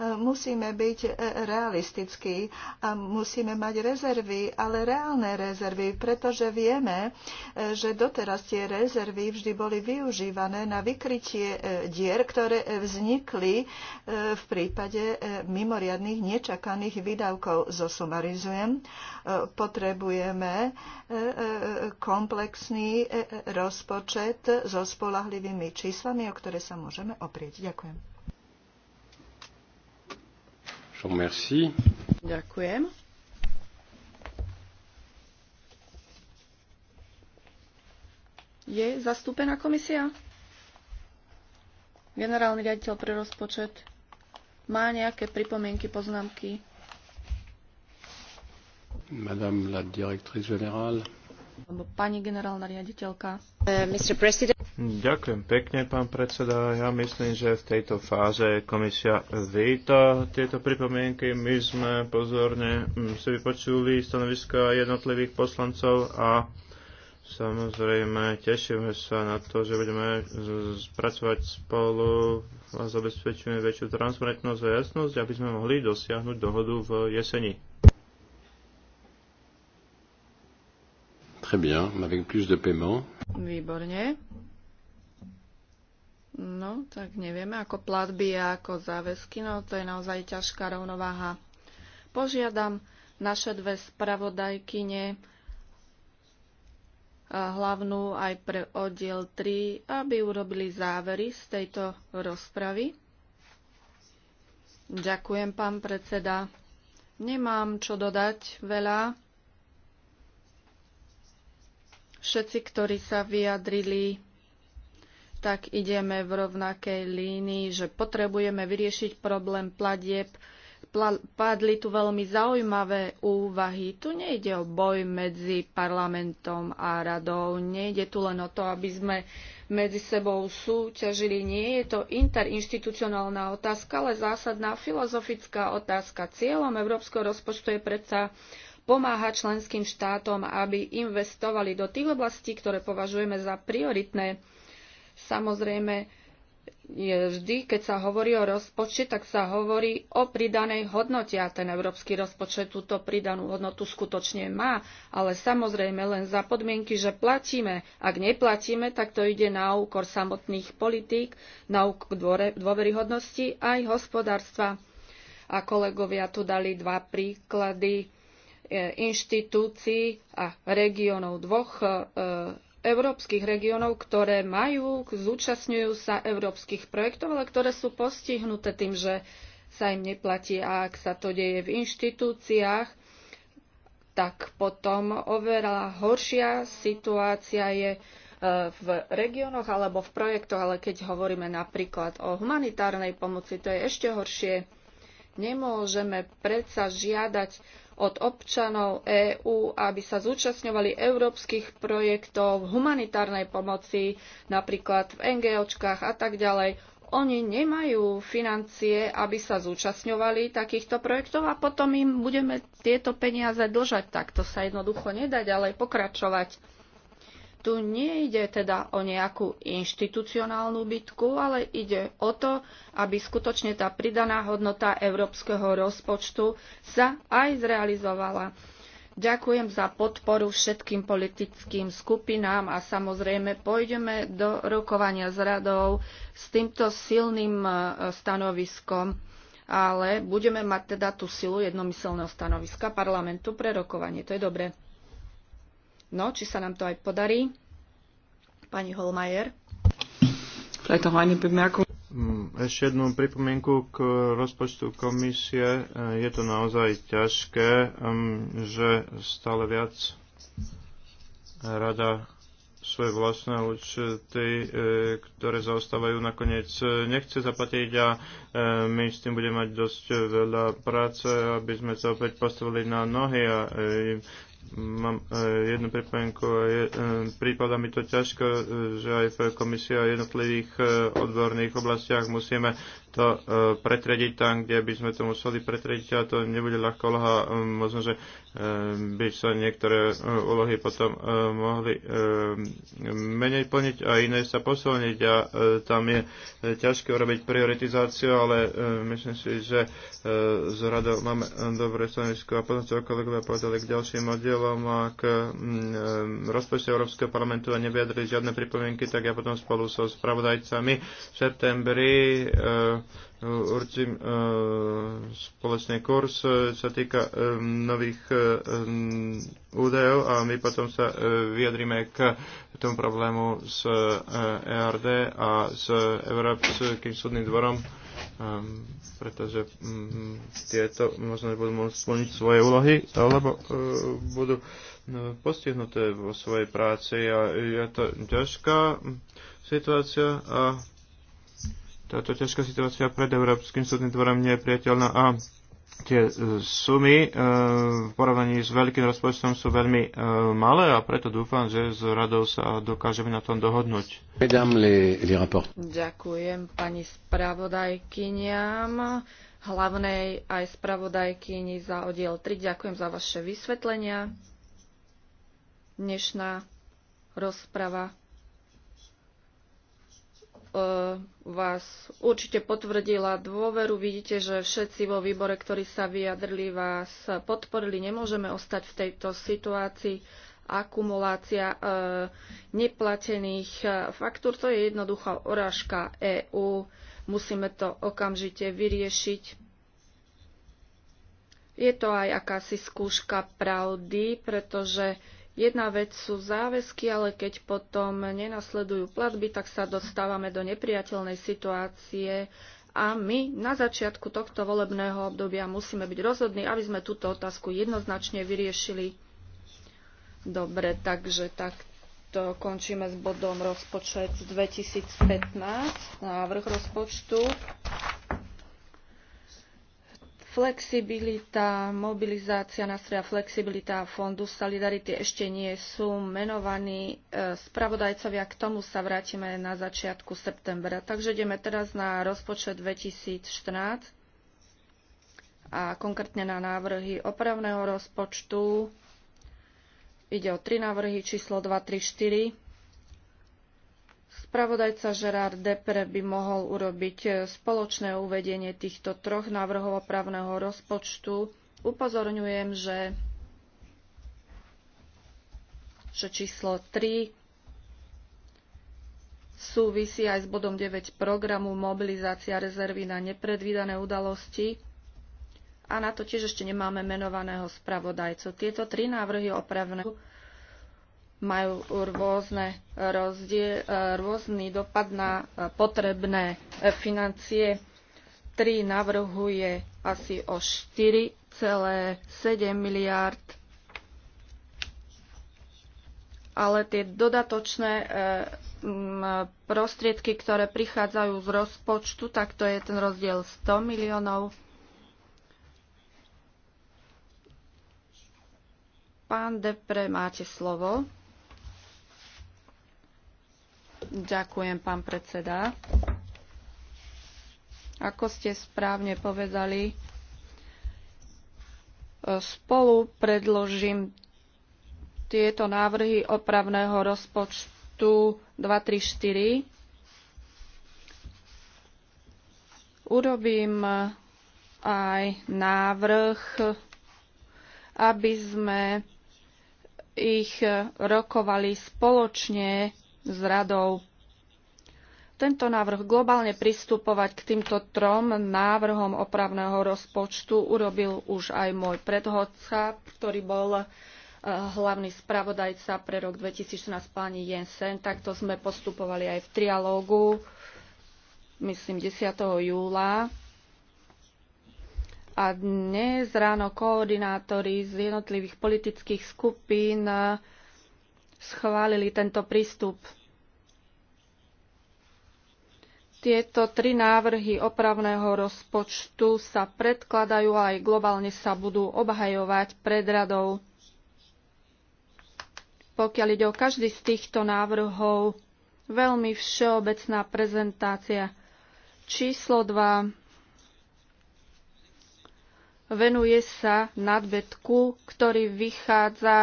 Musíme byť e, realistickí a musíme mať rezervy, ale reálne rezervy, pretože vieme, e, že doteraz tie rezervy vždy boli využívané na vykrytie e, dier, ktoré vznikli v prípade mimoriadných nečakaných výdavkov. Zosumarizujem. Potrebujeme komplexný rozpočet so spolahlivými číslami, o ktoré sa môžeme oprieť. Ďakujem. Ďakujem. Je zastúpená komisia? Generálny riaditeľ pre rozpočet má nejaké pripomienky, poznámky? Madame la directrice générale. Pani generálna riaditeľka. Uh, Ďakujem pekne, pán predseda. Ja myslím, že v tejto fáze komisia víta tieto pripomienky. My sme pozorne mm, si vypočuli stanoviska jednotlivých poslancov a Samozrejme, tešíme sa na to, že budeme spracovať spolu a zabezpečujeme väčšiu transparentnosť a jasnosť, aby sme mohli dosiahnuť dohodu v jeseni. Très bien, avec plus de paiement. Výborne. No, tak nevieme, ako platby a ako záväzky, no to je naozaj ťažká rovnováha. Požiadam naše dve spravodajkyne, hlavnú aj pre oddiel 3, aby urobili závery z tejto rozpravy. Ďakujem, pán predseda. Nemám čo dodať veľa Všetci, ktorí sa vyjadrili, tak ideme v rovnakej línii, že potrebujeme vyriešiť problém platieb. Padli tu veľmi zaujímavé úvahy. Tu nejde o boj medzi parlamentom a radou, nejde tu len o to, aby sme medzi sebou súťažili. Nie je to interinstitucionálna otázka, ale zásadná filozofická otázka. Cieľom európskeho rozpočtu je predsa pomáha členským štátom, aby investovali do tých oblastí, ktoré považujeme za prioritné. Samozrejme, vždy, keď sa hovorí o rozpočte, tak sa hovorí o pridanej hodnote a ten európsky rozpočet túto pridanú hodnotu skutočne má, ale samozrejme len za podmienky, že platíme. Ak neplatíme, tak to ide na úkor samotných politík, na úkor dôveryhodnosti aj hospodárstva. A kolegovia tu dali dva príklady inštitúcií a regiónov, dvoch e, európskych regiónov, ktoré majú, zúčastňujú sa európskych projektov, ale ktoré sú postihnuté tým, že sa im neplatí. A ak sa to deje v inštitúciách, tak potom oveľa horšia situácia je e, v regiónoch alebo v projektoch, ale keď hovoríme napríklad o humanitárnej pomoci, to je ešte horšie. Nemôžeme predsa žiadať od občanov EÚ, aby sa zúčastňovali európskych projektov v humanitárnej pomoci, napríklad v NGOčkách a tak ďalej. Oni nemajú financie, aby sa zúčastňovali takýchto projektov a potom im budeme tieto peniaze dlžať. to sa jednoducho nedá ďalej pokračovať tu nejde teda o nejakú inštitucionálnu bitku, ale ide o to, aby skutočne tá pridaná hodnota európskeho rozpočtu sa aj zrealizovala. Ďakujem za podporu všetkým politickým skupinám a samozrejme pôjdeme do rokovania s radou s týmto silným e, stanoviskom, ale budeme mať teda tú silu jednomyselného stanoviska parlamentu pre rokovanie. To je dobre. No, či sa nám to aj podarí. Pani Holmajer. Mm, ešte jednu pripomienku k rozpočtu komisie. Je to naozaj ťažké, mm, že stále viac rada svoje vlastné účty, e, ktoré zaostávajú nakoniec e, nechce zaplatiť a e, my s tým budeme mať dosť veľa práce, aby sme sa opäť postavili na nohy a Mám e, jednu pripomienku. Je, e, prípada mi to ťažko, e, že aj v komisii a jednotlivých e, odborných oblastiach musíme to e, pretrediť tam, kde by sme to museli pretrediť a to nebude ľahká úloha. E, možno, že e, by sa niektoré úlohy potom mohli menej plniť a iné sa posilniť a tam je ťažké urobiť prioritizáciu, ale myslím si, že z radou máme dobré stanovisko a potom sa kolegovia povedali k ďalším oddielom a k mm, rozpočtu Európskeho parlamentu a nevyjadrili žiadne pripomienky, tak ja potom spolu so spravodajcami v septembri určím e, spoločný kurz, čo e, týka e, nových údajov a my potom sa vyjadrime k tomu problému s ERD a s Európskym súdnym dvorom, pretože mm, tieto možno nebudú môcť splniť svoje úlohy, alebo budú postihnuté vo svojej práci a je to ťažká situácia a táto ťažká situácia pred Európskym súdnym dvorom nie je priateľná a tie e, sumy e, v porovnaní s veľkým rozpočtom sú veľmi e, malé a preto dúfam, že s radou sa dokážeme na tom dohodnúť. Ďakujem pani spravodajkyniam, hlavnej aj spravodajkyni za oddiel 3. Ďakujem za vaše vysvetlenia. Dnešná rozprava E, vás určite potvrdila dôveru. Vidíte, že všetci vo výbore, ktorí sa vyjadrili, vás podporili. Nemôžeme ostať v tejto situácii. Akumulácia e, neplatených e, faktúr, to je jednoduchá orážka EÚ. Musíme to okamžite vyriešiť. Je to aj akási skúška pravdy, pretože Jedna vec sú záväzky, ale keď potom nenasledujú platby, tak sa dostávame do nepriateľnej situácie a my na začiatku tohto volebného obdobia musíme byť rozhodní, aby sme túto otázku jednoznačne vyriešili. Dobre, takže takto končíme s bodom rozpočet 2015, návrh rozpočtu. Flexibilita, mobilizácia nástroja flexibilita fondu Solidarity ešte nie sú menovaní e, spravodajcovia. K tomu sa vrátime na začiatku septembra. Takže ideme teraz na rozpočet 2014 a konkrétne na návrhy opravného rozpočtu. Ide o tri návrhy, číslo 2, 3, 4. Spravodajca Gerard Depre by mohol urobiť e, spoločné uvedenie týchto troch návrhov opravného rozpočtu. Upozorňujem, že, že číslo 3 súvisí aj s bodom 9 programu Mobilizácia rezervy na nepredvídané udalosti a na to tiež ešte nemáme menovaného spravodajcu. Tieto tri návrhy opravného majú rôzne rozdie, e, rôzny dopad na e, potrebné e, financie. 3 navrhuje asi o 4,7 miliárd, ale tie dodatočné prostriedky, ktoré prichádzajú z rozpočtu, tak to je ten rozdiel 100 miliónov. Pán Depre, máte slovo. Ďakujem, pán predseda. Ako ste správne povedali, e, spolu predložím tieto návrhy opravného rozpočtu 234. Urobím aj návrh, aby sme ich rokovali spoločne s radou tento návrh globálne pristupovať k týmto trom návrhom opravného rozpočtu urobil už aj môj predhodca, ktorý bol eh, hlavný spravodajca pre rok 2016 pani Jensen. Takto sme postupovali aj v trialógu, myslím 10. júla. A dnes ráno koordinátori z jednotlivých politických skupín schválili tento prístup. Tieto tri návrhy opravného rozpočtu sa predkladajú a aj globálne sa budú obhajovať pred radou. Pokiaľ ide o každý z týchto návrhov, veľmi všeobecná prezentácia. Číslo 2 venuje sa nadbetku, ktorý vychádza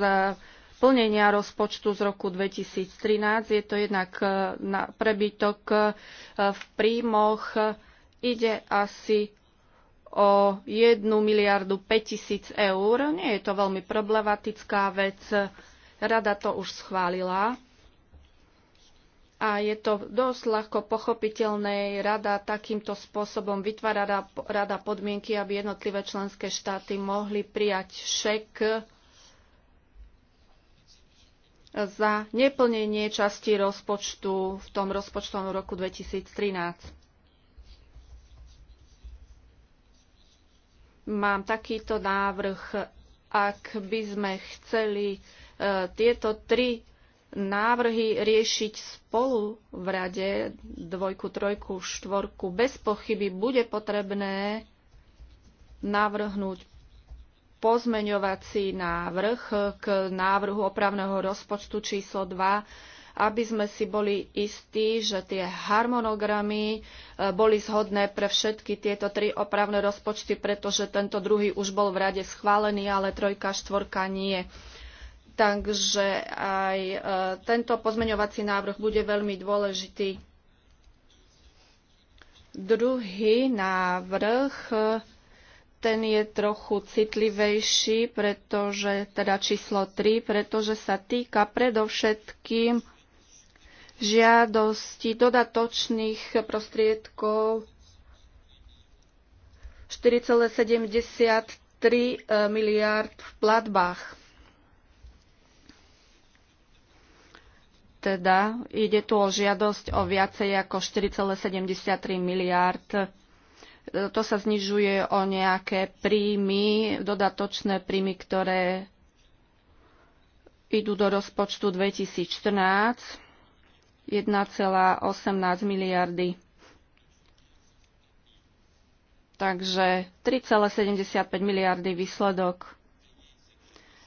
z plnenia rozpočtu z roku 2013. Je to jednak e, na prebytok e, v príjmoch. Ide asi o 1 miliardu 5000 eur. Nie je to veľmi problematická vec. Rada to už schválila. A je to dosť ľahko pochopiteľné. Rada takýmto spôsobom vytvára rada podmienky, aby jednotlivé členské štáty mohli prijať šek za neplnenie časti rozpočtu v tom rozpočtovom roku 2013. Mám takýto návrh, ak by sme chceli e, tieto tri návrhy riešiť spolu v rade dvojku, trojku, štvorku, bez pochyby bude potrebné navrhnúť pozmeňovací návrh k návrhu opravného rozpočtu číslo 2, aby sme si boli istí, že tie harmonogramy e, boli zhodné pre všetky tieto tri opravné rozpočty, pretože tento druhý už bol v rade schválený, ale trojka, štvorka nie. Takže aj e, tento pozmeňovací návrh bude veľmi dôležitý. Druhý návrh ten je trochu citlivejší, pretože, teda číslo 3, pretože sa týka predovšetkým žiadosti dodatočných prostriedkov 4,73 eh, miliárd v platbách. Teda ide tu o žiadosť o viacej ako 4,73 miliárd E, to sa znižuje o nejaké príjmy, dodatočné príjmy, ktoré idú do rozpočtu 2014 1,18 miliardy. Takže 3,75 miliardy výsledok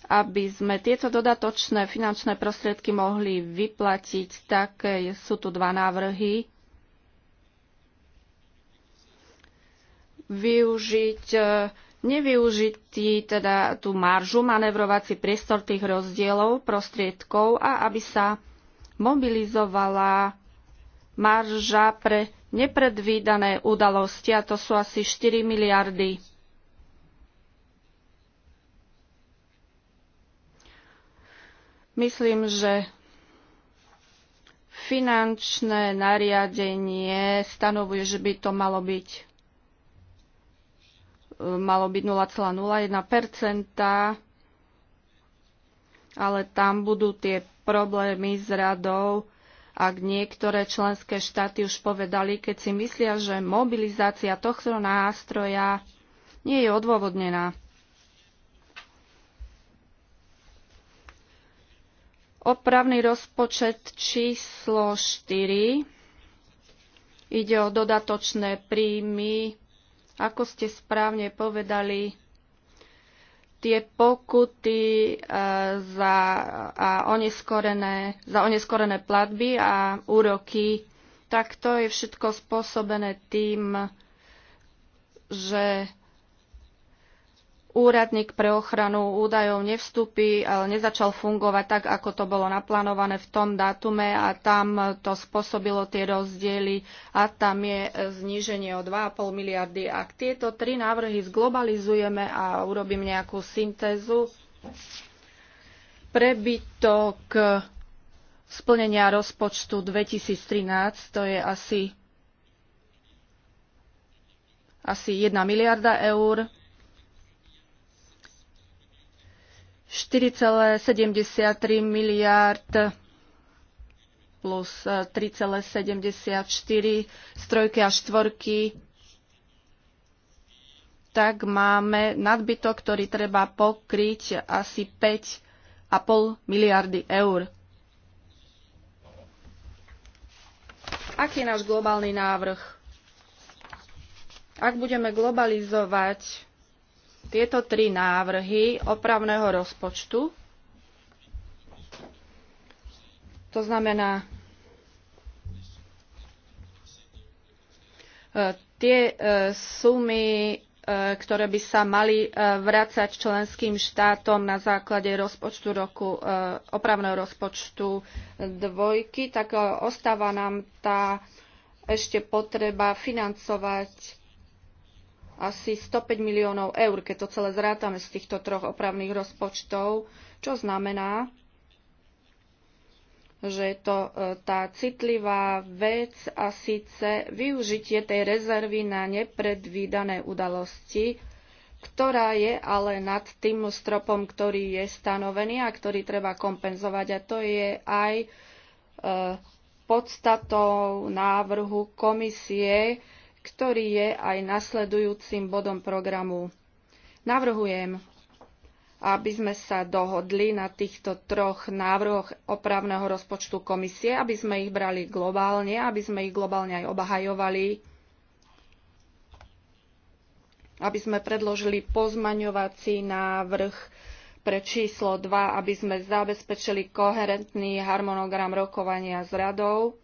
aby sme tieto dodatočné finančné prostriedky mohli vyplatiť, tak sú tu dva návrhy. využiť e, nevyužitý teda tú maržu, manevrovací priestor tých rozdielov, prostriedkov a aby sa mobilizovala marža pre nepredvídané udalosti a to sú asi 4 miliardy. Myslím, že finančné nariadenie stanovuje, že by to malo byť malo byť 0,01%, ale tam budú tie problémy s radou, ak niektoré členské štáty už povedali, keď si myslia, že mobilizácia tohto nástroja nie je odôvodnená. Opravný rozpočet číslo 4 ide o dodatočné príjmy ako ste správne povedali, tie pokuty e, za, a oneskorené, za oneskorené platby a úroky, tak to je všetko spôsobené tým, že úradník pre ochranu údajov nevstúpi, nezačal fungovať tak, ako to bolo naplánované v tom dátume a tam to spôsobilo tie rozdiely a tam je zníženie o 2,5 miliardy. Ak tieto tri návrhy zglobalizujeme a urobím nejakú syntézu, prebytok splnenia rozpočtu 2013, to je asi, asi 1 miliarda eur. 4,73 miliard plus 3,74 eh, strojky a štvorky, tak máme nadbytok, ktorý treba pokryť asi 5,5 miliardy eur. Aký je náš globálny návrh? Ak budeme globalizovať tieto tri návrhy opravného rozpočtu, to znamená e, tie e, sumy, e, ktoré by sa mali vrácať členským štátom na základe rozpočtu roku, opravného rozpočtu dvojky, tak ostáva nám tá ešte potreba financovať asi 105 miliónov eur, keď to celé zrátame z týchto troch opravných rozpočtov, čo znamená, že je to e, tá citlivá vec a síce využitie tej rezervy na nepredvídané udalosti, ktorá je ale nad tým stropom, ktorý je stanovený a ktorý treba kompenzovať. A to je aj e, podstatou návrhu komisie, ktorý je aj nasledujúcim bodom programu. Navrhujem, aby sme sa dohodli na týchto troch návrhoch opravného rozpočtu komisie, aby sme ich brali globálne, aby sme ich globálne aj obhajovali, aby sme predložili pozmaňovací návrh pre číslo 2, aby sme zabezpečili koherentný harmonogram rokovania s radou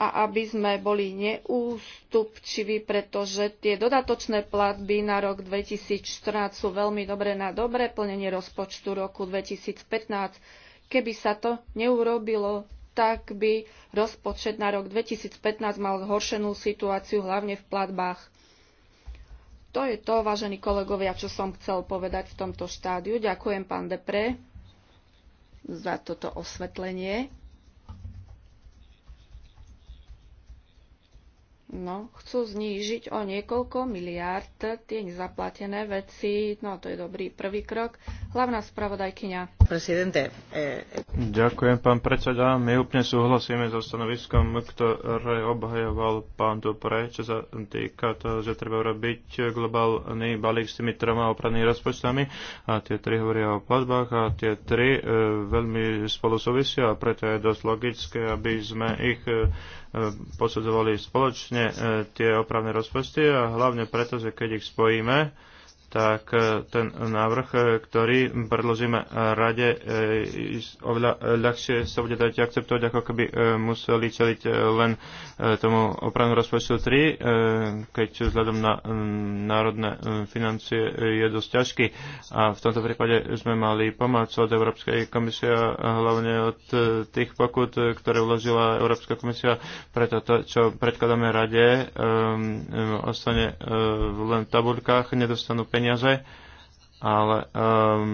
a aby sme boli neústupčiví, pretože tie dodatočné platby na rok 2014 sú veľmi dobré na dobré plnenie rozpočtu roku 2015. Keby sa to neurobilo, tak by rozpočet na rok 2015 mal zhoršenú situáciu, hlavne v platbách. To je to, vážení kolegovia, čo som chcel povedať v tomto štádiu. Ďakujem, pán Depre, za toto osvetlenie. No, chcú znížiť o niekoľko miliárd tie nezaplatené veci. No, to je dobrý prvý krok. Hlavná spravodajkyňa. Presidente. Eh, eh. Ďakujem, pán predseda. My úplne súhlasíme so stanoviskom, ktoré obhajoval pán Dupre, čo sa týka toho, že treba robiť globálny balík s tými troma opravnými rozpočtami. A tie tri hovoria o platbách a tie tri e, veľmi spolu súvisia a preto je dosť logické, aby sme ich e, posudzovali spoločne e, tie opravné rozpočty a hlavne preto, že keď ich spojíme, tak e, ten návrh, e, ktorý predložíme rade, e, oveľa ľahšie sa bude dať akceptovať, ako keby museli čeliť len tomu opravnú rozpočtu 3, keď vzhľadom na národné financie je dosť ťažký. A v tomto prípade sme mali pomoc od Európskej komisie, hlavne od tých pokut, ktoré uložila Európska komisia. Preto to, čo predkladáme rade, ehm, ostane len v tabuľkách, nedostanú peniaze peniaze, ale um, ehm,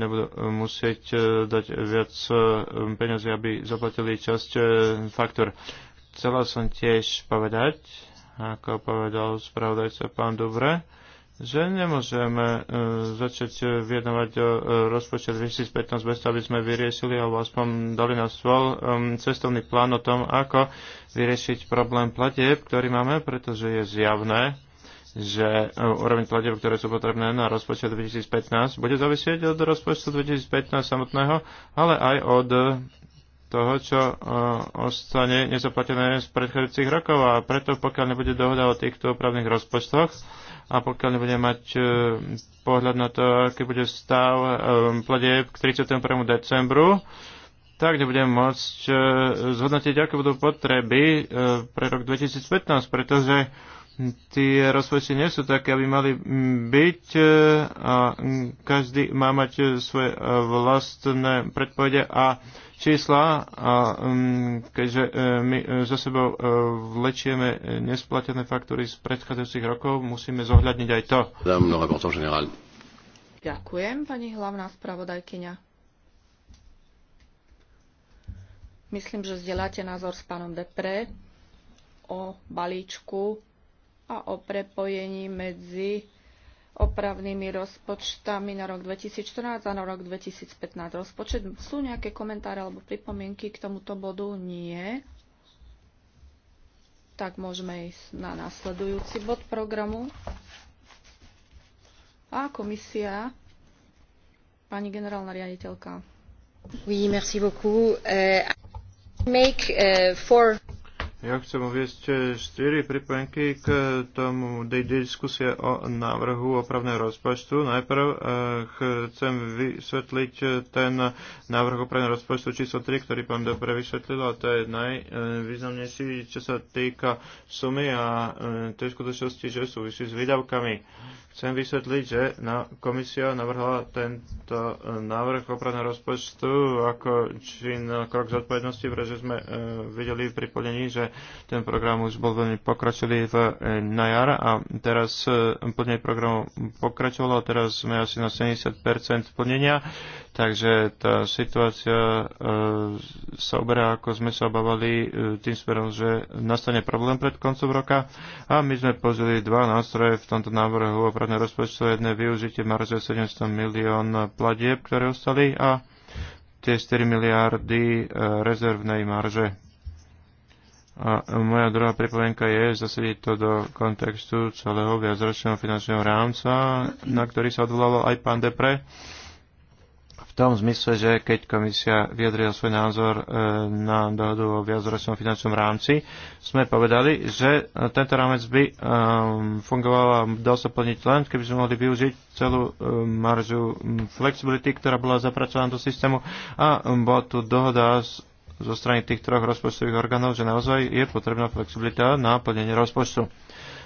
nebudú eh, musieť uh, dať viac uh, peniazy, aby zaplatili časť faktor. Chcela som tiež povedať, ako povedal spravodajca pán Dobre, že nemôžeme uh, začať vyjednávať uh, rozpočet 2015 bez toho, aby sme vyriešili alebo aspoň dali na stôl um, cestovný plán o tom, ako vyriešiť problém platieb, ktorý máme, pretože je zjavné, že e, úroveň platieb, ktoré sú potrebné na rozpočet 2015, bude závisieť od rozpočtu 2015 samotného, ale aj od toho, čo e, ostane nezaplatené z predchádzajúcich rokov a preto pokiaľ nebude dohoda o týchto opravných rozpočtoch a pokiaľ nebude mať e, pohľad na to, aký bude stav platieb k 31. decembru, tak nebudem môcť zhodnotiť, aké budú potreby pre rok 2015, pretože tie rozpočty nie sú také, aby mali byť e, a každý má mať e, svoje e, vlastné predpovede a čísla a mm, keďže my za sebou vlečieme nesplatené faktúry z predchádzajúcich rokov, musíme zohľadniť aj to. Ďakujem, pani hlavná spravodajkyňa. Myslím, že zdieľate názor s pánom Depre o balíčku a o prepojení medzi opravnými rozpočtami na rok 2014 a na rok 2015. Rozpočet sú nejaké komentáre alebo pripomienky k tomuto bodu? Nie. Tak môžeme ísť na nasledujúci bod programu. A komisia, pani generálna riaditeľka. Oui, merci beaucoup. Uh, make, uh, for... Ja chcem uviesť eh, štyri pripojenky k tomu diskusie o návrhu opravného rozpočtu. Najprv eh, chcem vysvetliť eh, ten návrh opravného rozpočtu číslo 3, ktorý pán dobre vysvetlil, a to je najvýznamnejší, čo sa týka sumy a tej skutočnosti, že súvisí s výdavkami. Chcem vysvetliť, že na komisia navrhla tento e, návrh opravného rozpočtu ako čin krok zodpovednosti, pretože sme e, videli pri plnení, že ten program už bol veľmi pokročilý v, e, na jar a teraz e, plnenie programu pokračovalo, teraz sme asi na 70% plnenia, Takže tá situácia e, sa oberá, ako sme sa obávali, e, tým smerom, že nastane problém pred koncom roka. A my sme pozreli dva nástroje v tomto návrhu opravne rozpočtu. Jedné využitie marže 700 milión platieb, ktoré ostali a tie 4 miliardy e, rezervnej marže. A moja druhá pripomienka je zasediť to do kontextu celého viacročného finančného rámca, na ktorý sa odvolával aj pán Depre tom zmysle, že keď komisia vyjadrila svoj názor e, na dohodu o viacročnom finančnom rámci, sme povedali, že tento rámec by e, fungoval a dal sa plniť len, keby sme mohli využiť celú e, maržu flexibility, ktorá bola zapracovaná do systému a bola tu dohoda s zo strany tých troch rozpočtových orgánov, že naozaj je potrebná flexibilita na plnenie rozpočtu.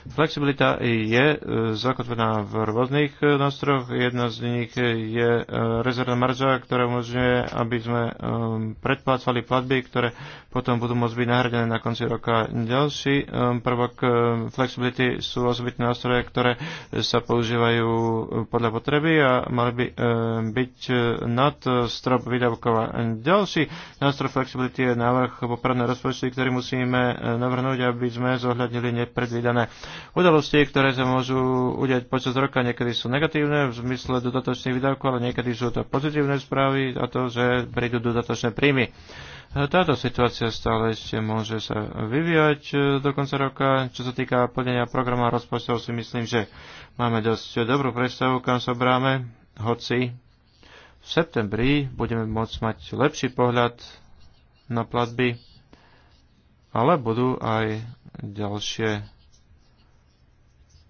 Flexibilita je e, zakotvená v rôznych e, nástrojoch. Jedna z nich je e, rezervná marža, ktorá umožňuje, aby sme predplácali platby, ktoré potom budú môcť byť nahradené na konci roka. Ďalší prvok flexibility sú osobitné nástroje, ktoré sa používajú podľa potreby a mali by byť nad strop výdavkov. Ďalší nástroj flexibility je návrh popradného rozpočty, ktorý musíme navrhnúť, aby sme zohľadnili nepredvídané Udalosti, ktoré sa môžu udiať počas roka. Niekedy sú negatívne v zmysle dodatočných výdavkov, ale niekedy sú to pozitívne správy a to, že prídu dodatočné príjmy. Táto situácia stále ešte môže sa vyvíjať e, do konca roka. Čo sa týka plnenia programa rozpočtov, si myslím, že máme dosť dobrú predstavu, kam sa bráme, hoci v septembri budeme môcť mať lepší pohľad na platby, ale budú aj ďalšie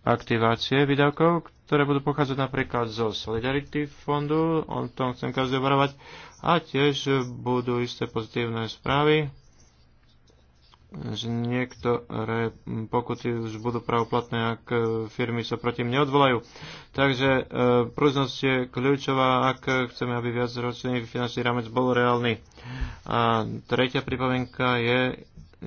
aktivácie výdavkov, ktoré budú pochádzať napríklad zo Solidarity fondu, o tom chcem každý obarovať, a tiež budú isté pozitívne správy, že niektoré pokuty už budú pravoplatné, ak firmy sa proti mne odvolajú. Takže e, prúznosť je kľúčová, ak chceme, aby viacročný finančný rámec bol reálny. A tretia pripomienka je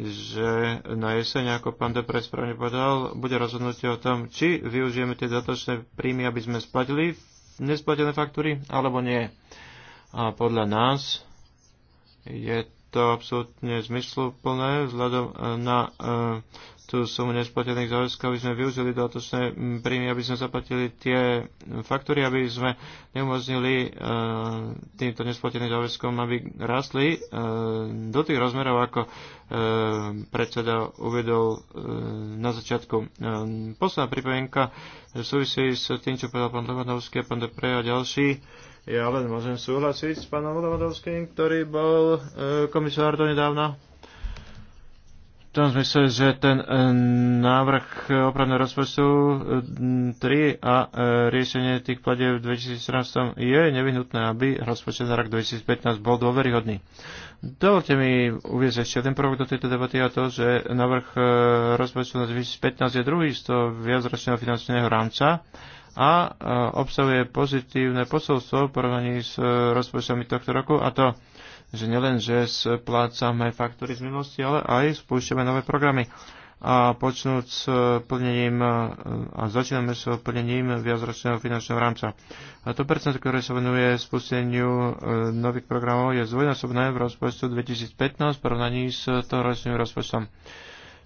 že na jeseň, ako pán Depre správne povedal, bude rozhodnutie o tom, či využijeme tie dodatočné príjmy, aby sme splatili nesplatené faktúry, alebo nie. A podľa nás je to absolútne zmysluplné vzhľadom na e, tú sumu nesplatených záväzkov, aby sme využili dodatočné mm, príjmy, aby sme zaplatili tie faktúry, aby sme neumožnili e, týmto nesplateným záväzkom, aby rastli e, do tých rozmerov, ako e, predseda uvedol e, na začiatku. E, posledná pripomienka súvisí s tým, čo povedal pán Levadovský a pán Depre a ďalší. Ja len môžem súhlasiť s pánom Levadovským, ktorý bol e, komisár do nedávna tom zmysle, že ten e, návrh opravného rozpočtu 3 e, a e, riešenie tých platieb v 2017 je nevyhnutné, aby rozpočet za rok 2015 bol dôveryhodný. Dovolte mi uvieť ešte jeden prvok do tejto debaty a to, že návrh rozpočtu na 2015 je druhý z toho viacročného finančného rámca a obsahuje pozitívne posolstvo v porovnaní s rozpočtami tohto roku a to že nielen, že splácame faktúry z minulosti, ale aj spúšťame nové programy. A počnúť s e, plnením e, a začíname s plnením viacročného finančného rámca. A to percento, ktoré sa venuje spusteniu e, nových programov, je zdvojnásobné v rozpočtu 2015 v porovnaní s tohoročným rozpočtom.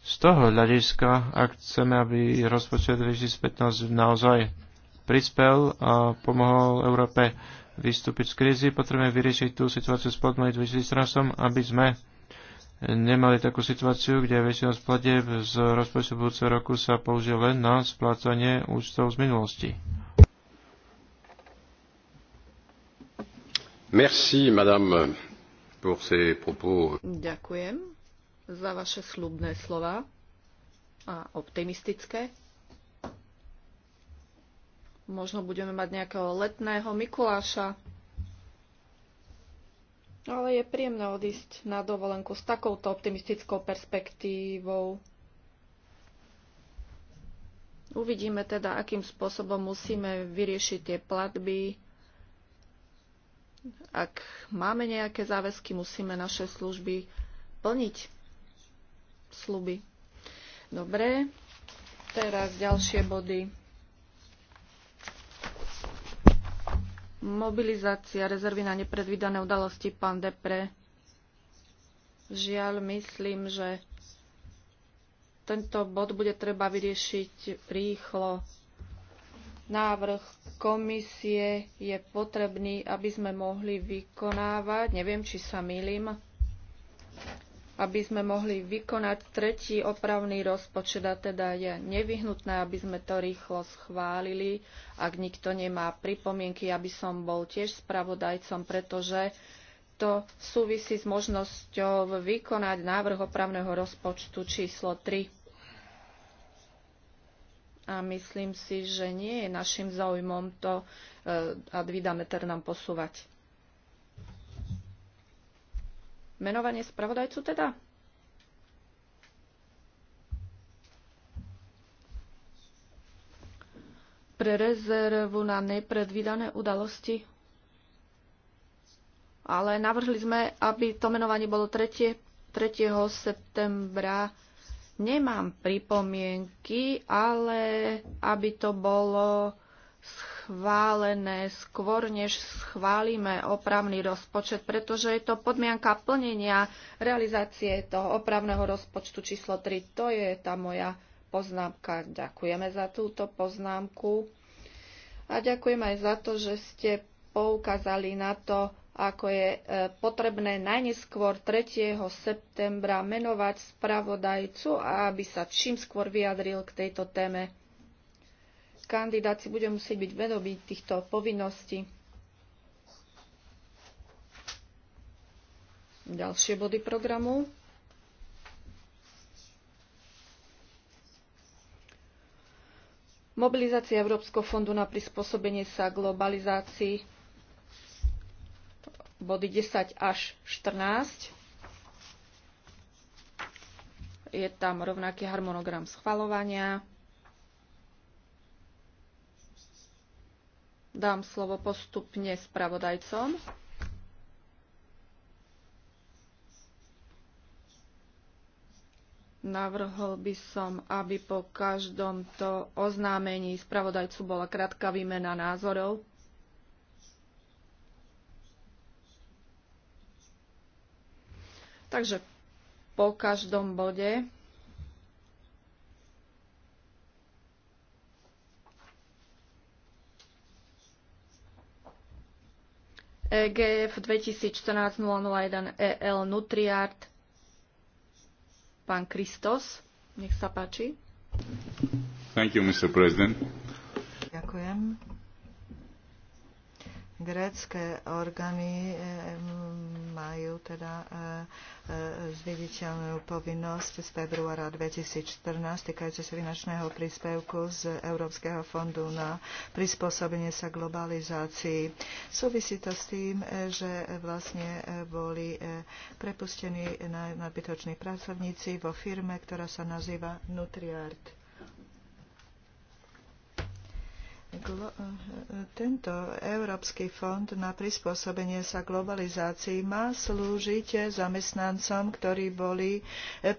Z toho hľadiska, ak chceme, aby rozpočet 2015 naozaj prispel a pomohol Európe vystúpiť z krízy, potrebujeme vyriešiť tú situáciu s platbami 2014, aby sme nemali takú situáciu, kde väčšina splade z rozpočtu budúceho roku sa použije len na splácanie účtov z minulosti. Merci, madame, pour ces propos. Ďakujem za vaše slubné slova a optimistické. Možno budeme mať nejakého letného Mikuláša. Ale je príjemné odísť na dovolenku s takouto optimistickou perspektívou. Uvidíme teda, akým spôsobom musíme vyriešiť tie platby. Ak máme nejaké záväzky, musíme naše služby plniť. Sluby. Dobre, teraz ďalšie body. Mobilizácia rezervy na nepredvídané udalosti, pán Depre. Žiaľ, myslím, že tento bod bude treba vyriešiť rýchlo. Návrh komisie je potrebný, aby sme mohli vykonávať, neviem, či sa milím, aby sme mohli vykonať tretí opravný rozpočet a teda je nevyhnutné, aby sme to rýchlo schválili. Ak nikto nemá pripomienky, aby som bol tiež spravodajcom, pretože to súvisí s možnosťou vykonať návrh opravného rozpočtu číslo 3. A myslím si, že nie je našim záujmom to, a eh, Advida Meter nám posúvať. Menovanie spravodajcu teda? Pre rezervu na nepredvídané udalosti. Ale navrhli sme, aby to menovanie bolo 3. 3. septembra. Nemám pripomienky, ale aby to bolo schválené schválené skôr, než schválime opravný rozpočet, pretože je to podmienka plnenia realizácie toho opravného rozpočtu číslo 3. To je tá moja poznámka. Ďakujeme za túto poznámku a ďakujem aj za to, že ste poukázali na to, ako je e, potrebné najneskôr 3. septembra menovať spravodajcu, aby sa čím skôr vyjadril k tejto téme kandidát si bude musieť byť vedomý týchto povinností. Ďalšie body programu. Mobilizácia Európskeho fondu na prispôsobenie sa globalizácii body 10 až 14. Je tam rovnaký harmonogram schvalovania. Dám slovo postupne spravodajcom. Navrhol by som, aby po každom to oznámení spravodajcu bola krátka výmena názorov. Takže po každom bode EGF 2014-001 EL Nutriart. Pán Kristos, nech sa páči. Thank you, Mr. President. Ďakujem grécké orgány majú teda e, e, zviditeľnú povinnosť z februára 2014 týkajúce sa finančného príspevku z Európskeho fondu na prispôsobenie sa globalizácii. Súvisí to s tým, e, že vlastne boli prepustení nadbytoční pracovníci vo firme, ktorá sa nazýva Nutriart Eh, tento Európsky fond na prispôsobenie sa globalizácii má slúžiť zamestnancom, ktorí boli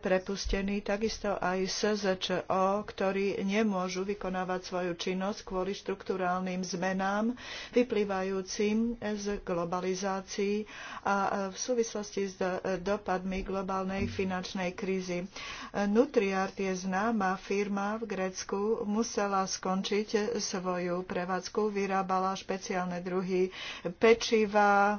prepustení, takisto aj SZČO, ktorí nemôžu vykonávať svoju činnosť kvôli štruktúrálnym zmenám vyplývajúcim z globalizácií a eh, v súvislosti s eh, dopadmi globálnej finančnej krízy. Nutriart je známa firma v Grécku, musela skončiť svoj svoju prevádzku vyrábala špeciálne druhy pečiva a,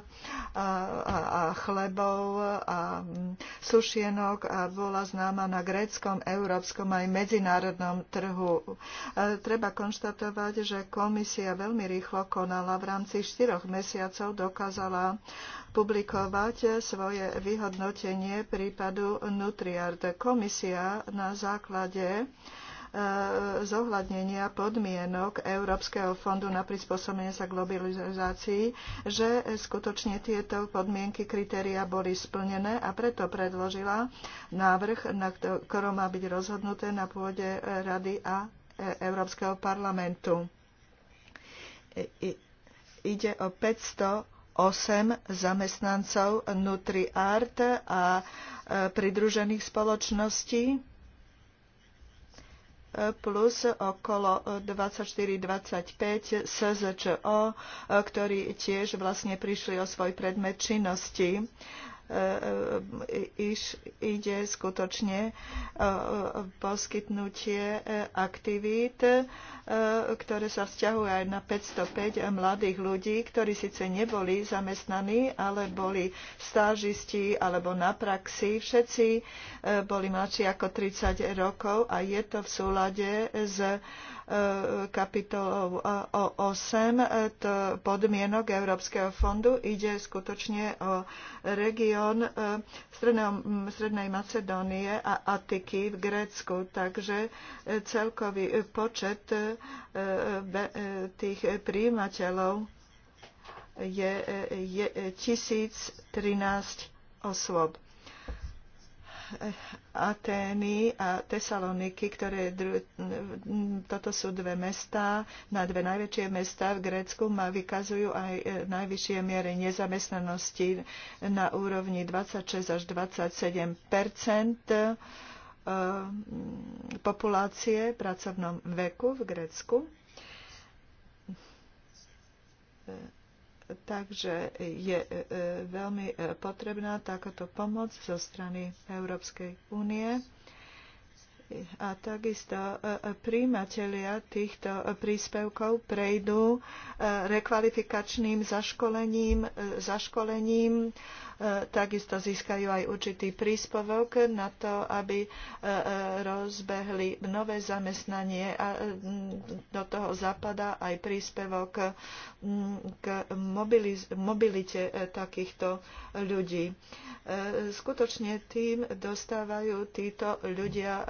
a, a chlebov a mm, sušienok a bola známa na gréckom, európskom aj medzinárodnom trhu. E, treba konštatovať, že komisia veľmi rýchlo konala v rámci štyroch mesiacov dokázala publikovať svoje vyhodnotenie prípadu Nutriard. Komisia na základe E, zohľadnenia podmienok Európskeho fondu na prispôsobenie sa globalizácii, že skutočne tieto podmienky, kritéria boli splnené a preto predložila návrh, na ktorom má byť rozhodnuté na pôde Rady a e, Európskeho parlamentu. Ide o 500 8 zamestnancov NutriArt a e, pridružených spoločností plus okolo 24-25 SZČO, ktorí tiež vlastne prišli o svoj predmet činnosti. E, e, iš, ide skutočne e, poskytnutie aktivít, ktoré sa vzťahujú aj na 505 mladých ľudí, ktorí síce neboli zamestnaní, ale boli stážisti alebo na praxi. Všetci boli mladší ako 30 rokov a je to v súlade s kapitolou e, 8 e, to podmienok Európskeho fondu. Ide skutočne o región e, Strednej Macedónie a Atiky v Grécku, takže celkový počet tých príjimateľov je, je 1013 osôb. Atény a Tesaloniky, ktoré toto sú dve mesta, na dve najväčšie mesta v Grécku má vykazujú aj e, najvyššie miery nezamestnanosti na úrovni 26 až 27 e, populácie v pracovnom veku v Grécku e, Takže je e, e, veľmi e, potrebná takáto pomoc zo strany Európskej únie a takisto príjimatelia týchto príspevkov prejdú rekvalifikačným zaškolením, zaškolením E, takisto získajú aj určitý príspevok na to, aby e, e, rozbehli nové zamestnanie a do toho zapadá aj príspevok k mobilite takýchto ľudí. Skutočne tým dostávajú títo ľudia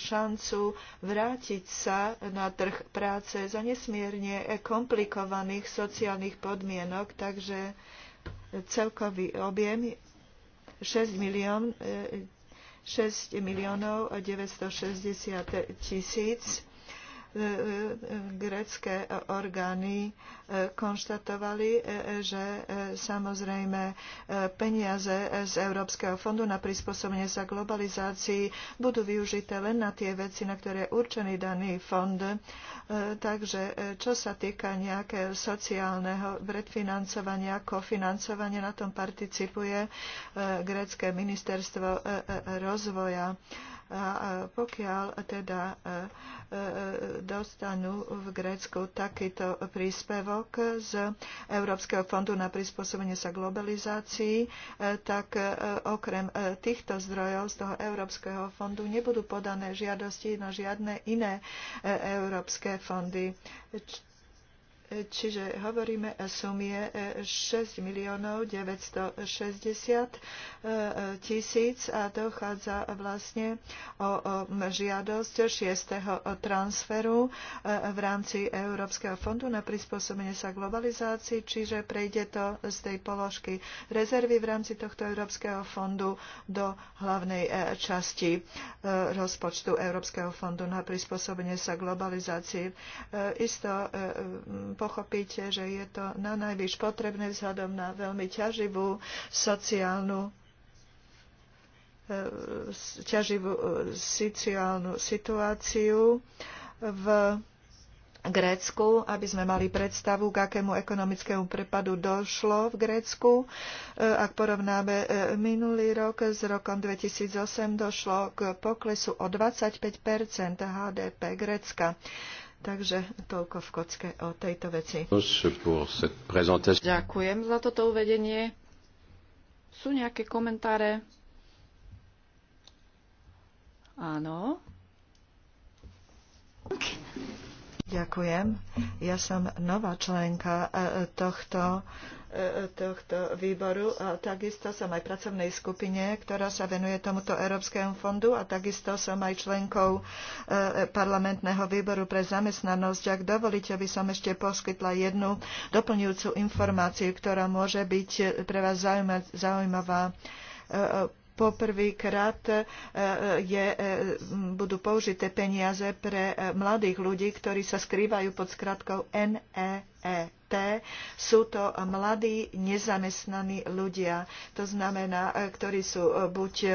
šancu vrátiť sa na trh práce za nesmierne komplikovaných sociálnych podmienok, takže celkový objem 6 e, miliónov 960 tisíc E, e, grecké orgány e, konštatovali, že samozrejme peniaze z Európskeho fondu na prispôsobenie sa globalizácii budú využité len na tie veci, na ktoré je určený daný fond. Takže čo sa týka nejakého sociálneho predfinancovania, kofinancovania, na tom participuje grecké ministerstvo rozvoja. A pokiaľ teda dostanú v Grécku takýto príspevok z Európskeho fondu na prispôsobenie sa globalizácii, e, tak e, okrem e, týchto zdrojov z toho Európskeho fondu nebudú podané žiadosti na žiadne iné európske fondy Čiže hovoríme o sumie 6 miliónov 960 e, e, tisíc a dochádza vlastne o, žiadosť 6. transferu e, v rámci Európskeho fondu na prispôsobenie sa globalizácii, čiže prejde to z tej položky rezervy v rámci tohto Európskeho fondu do hlavnej časti rozpočtu Európskeho fondu na prispôsobenie sa globalizácii. Isto pochopíte, že je to na najvyš potrebné vzhľadom na veľmi ťaživú sociálnu e, ťaživú e, sociálnu situáciu v Grécku, aby sme mali predstavu, k akému ekonomickému prepadu došlo v Grécku. E, ak porovnáme minulý rok s rokom 2008, došlo k poklesu o 25 HDP Grécka. Takže toľko v kocke o tejto veci. Ďakujem za toto uvedenie. Sú nejaké komentáre? Áno. Ďakujem. Ja som nová členka eh, tohto tohto výboru a takisto som aj pracovnej skupine, ktorá sa venuje tomuto Európskemu fondu a takisto som aj členkou e, parlamentného výboru pre zamestnanosť. Ak dovolíte, by som ešte poskytla jednu doplňujúcu informáciu, ktorá môže byť pre vás zaujímavá e, poprvýkrát e, budú použité peniaze pre mladých ľudí, ktorí sa skrývajú pod skratkou NEA ET. Sú to mladí nezamestnaní ľudia, to znamená, e, ktorí sú e, buď e,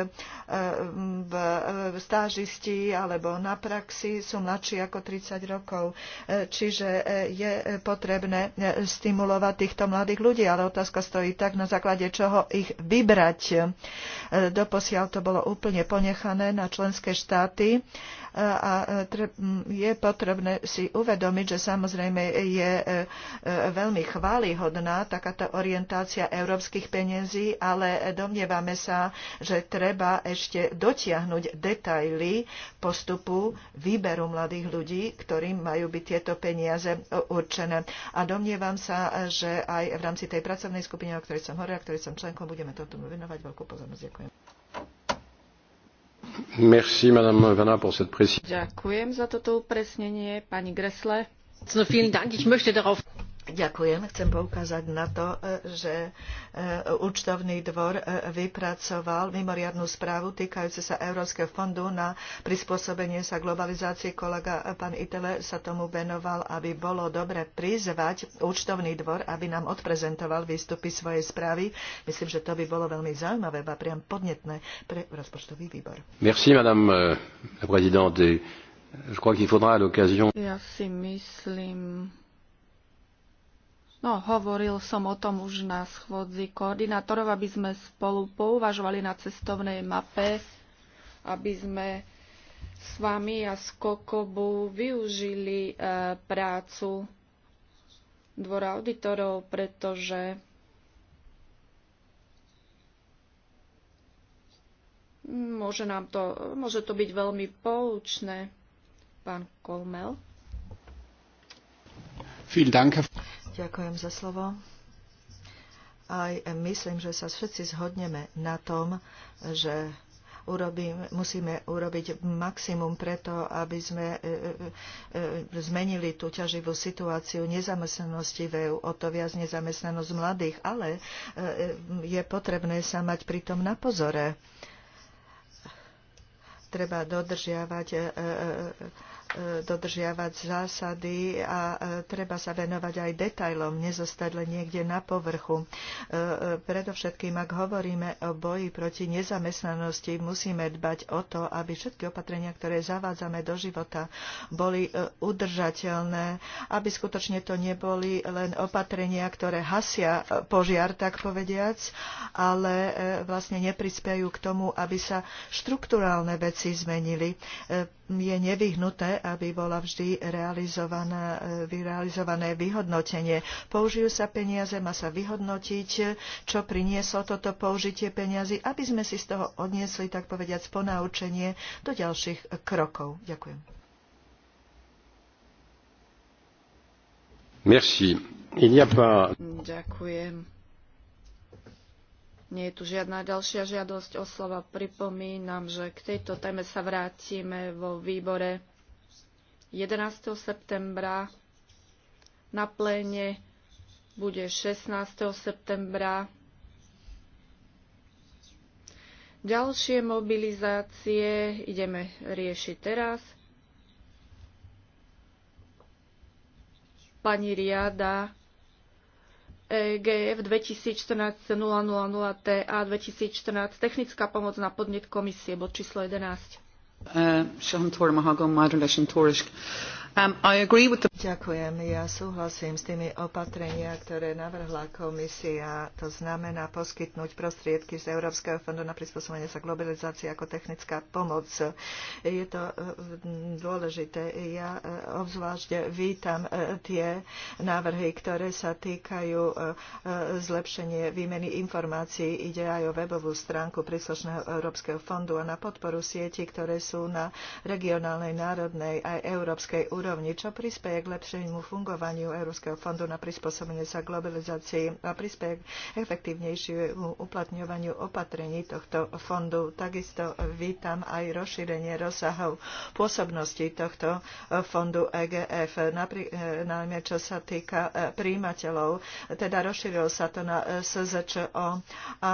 v stážisti alebo na praxi, sú mladší ako 30 rokov. Čiže je potrebné stimulovať týchto mladých ľudí, ale otázka stojí tak, na základe čoho ich vybrať. Doposiaľ to bolo úplne ponechané na členské štáty a je potrebné si uvedomiť, že samozrejme je e, veľmi chválihodná takáto orientácia európskych peniazí, ale domnievame sa, že treba ešte dotiahnuť detaily postupu výberu mladých ľudí, ktorým majú byť tieto peniaze určené. A domnievam sa, že aj v rámci tej pracovnej skupiny, o ktorej som hovorila, ktorej som členkom, budeme tomu venovať veľkú pozornosť. Ďakujem. Merci, madame Vana, pour cette précision. Ďakujem za toto upresnenie, pani Gresle. No, vielen Dank. Ich möchte darauf Ďakujem. Chcem poukázať na to, e, že e, účtovný dvor e, vypracoval mimoriadnú správu týkajúce sa Európskeho fondu na prispôsobenie sa globalizácii. Kolega pán Itele sa tomu venoval, aby bolo dobre prizvať účtovný dvor, aby nám odprezentoval výstupy svojej správy. Myslím, že to by bolo veľmi zaujímavé a priam podnetné pre rozpočtový výbor. Merci, madame la présidente. Je crois qu'il faudra à l'occasion. Ja si myslím, No, hovoril som o tom už na schôdzi koordinátorov, aby sme spolu pouvažovali na cestovnej mape, aby sme s vami a s Kokobu využili e, prácu dvora auditorov, pretože môže, nám to, môže to byť veľmi poučné. Pán Kolmel. Vielen Dank, Ďakujem za slovo. Aj myslím, že sa všetci zhodneme na tom, že urobím, musíme urobiť maximum preto, aby sme e, e, e, zmenili tú ťaživú situáciu nezamestnanosti v EU, o to viac nezamestnanosť mladých, ale je potrebné sa mať pritom na pozore. Treba dodržiavať dodržiavať zásady a e, treba sa venovať aj detailom, nezostať len niekde na povrchu. E, e, predovšetkým, ak hovoríme o boji proti nezamestnanosti, musíme dbať o to, aby všetky opatrenia, ktoré zavádzame do života, boli udržateľné, aby skutočne to neboli len opatrenia, ktoré hasia požiar, tak povediac, ale vlastne neprispiajú k tomu, aby sa štruktúrálne veci zmenili je nevyhnuté, aby bola vždy e, realizované vyhodnotenie. Použijú sa peniaze, má sa vyhodnotiť, čo prinieslo toto použitie peniazy, aby sme si z toho odniesli, tak povediať, ponaučenie do ďalších krokov. Ďakujem. Merci. Il n'y a pas... Ďakujem nie je tu žiadna ďalšia žiadosť o slova. Pripomínam, že k tejto téme sa vrátime vo výbore 11. septembra. Na pléne bude 16. septembra. Ďalšie mobilizácie ideme riešiť teraz. Pani Riada GF 2014 000 TA 2014 technická pomoc na podnet komisie, bod číslo 11. Uh, Um, Ďakujem. Ja súhlasím s tými opatreniami ktoré navrhla komisia. To znamená poskytnúť prostriedky z Európskeho fondu na prispôsobenie sa globalizácii ako technická pomoc. Je to e, dôležité. Ja e, obzvlášť vítam e, tie návrhy, ktoré sa týkajú zlepšenie výmeny informácií. Ide aj o webovú stránku príslušného Európskeho fondu a na podporu sieti, ktoré sú na regionálnej, národnej aj európskej úrovni úrovni, čo prispieje k lepšiemu fungovaniu Európskeho fondu na prispôsobenie sa globalizácii a prispieje k efektívnejšiemu uplatňovaniu opatrení tohto fondu. Takisto vítam aj rozšírenie rozsahov pôsobnosti tohto fondu EGF, e, najmä čo sa týka e, príjimateľov, teda rozšírilo sa to na e, SZČO a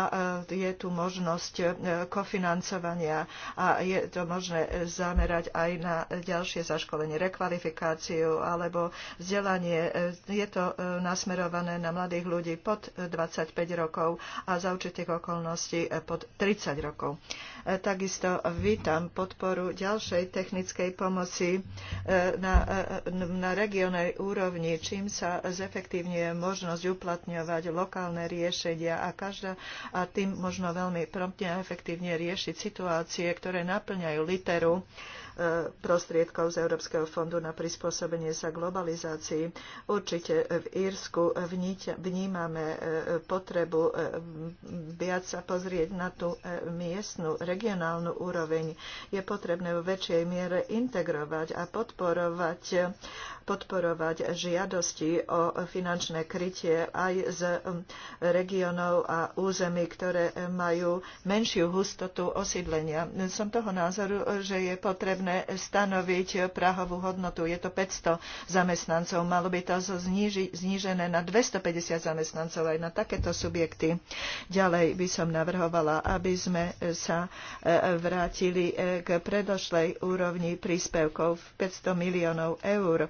je tu možnosť kofinancovania a je to možné zamerať aj na ďalšie zaškolenie, rekvalifikáciu kvalifikáciu alebo vzdelanie. E, je to e, nasmerované na mladých ľudí pod 25 e, rokov a za určitých okolností pod 30 rokov. Takisto vítam podporu ďalšej technickej pomoci na, na regionej úrovni, čím sa zefektívňuje možnosť uplatňovať lokálne riešenia a, každá, a tým možno veľmi promptne a efektívne riešiť situácie, ktoré naplňajú literu prostriedkov z Európskeho fondu na prispôsobenie sa globalizácii. Určite v Írsku vnímame e, potrebu e, viac sa pozrieť na tú e, miestnu, regionálnu úroveň. Je potrebné v väčšej miere integrovať a podporovať podporovať žiadosti o finančné krytie aj z um, regionov a území, ktoré majú menšiu hustotu osídlenia. Som toho názoru, že je potrebné stanoviť prahovú hodnotu. Je to 500 zamestnancov. Malo by to znížené na 250 zamestnancov aj na takéto subjekty. Ďalej by som navrhovala, aby sme sa e, vrátili e, k predošlej úrovni príspevkov 500 miliónov eur.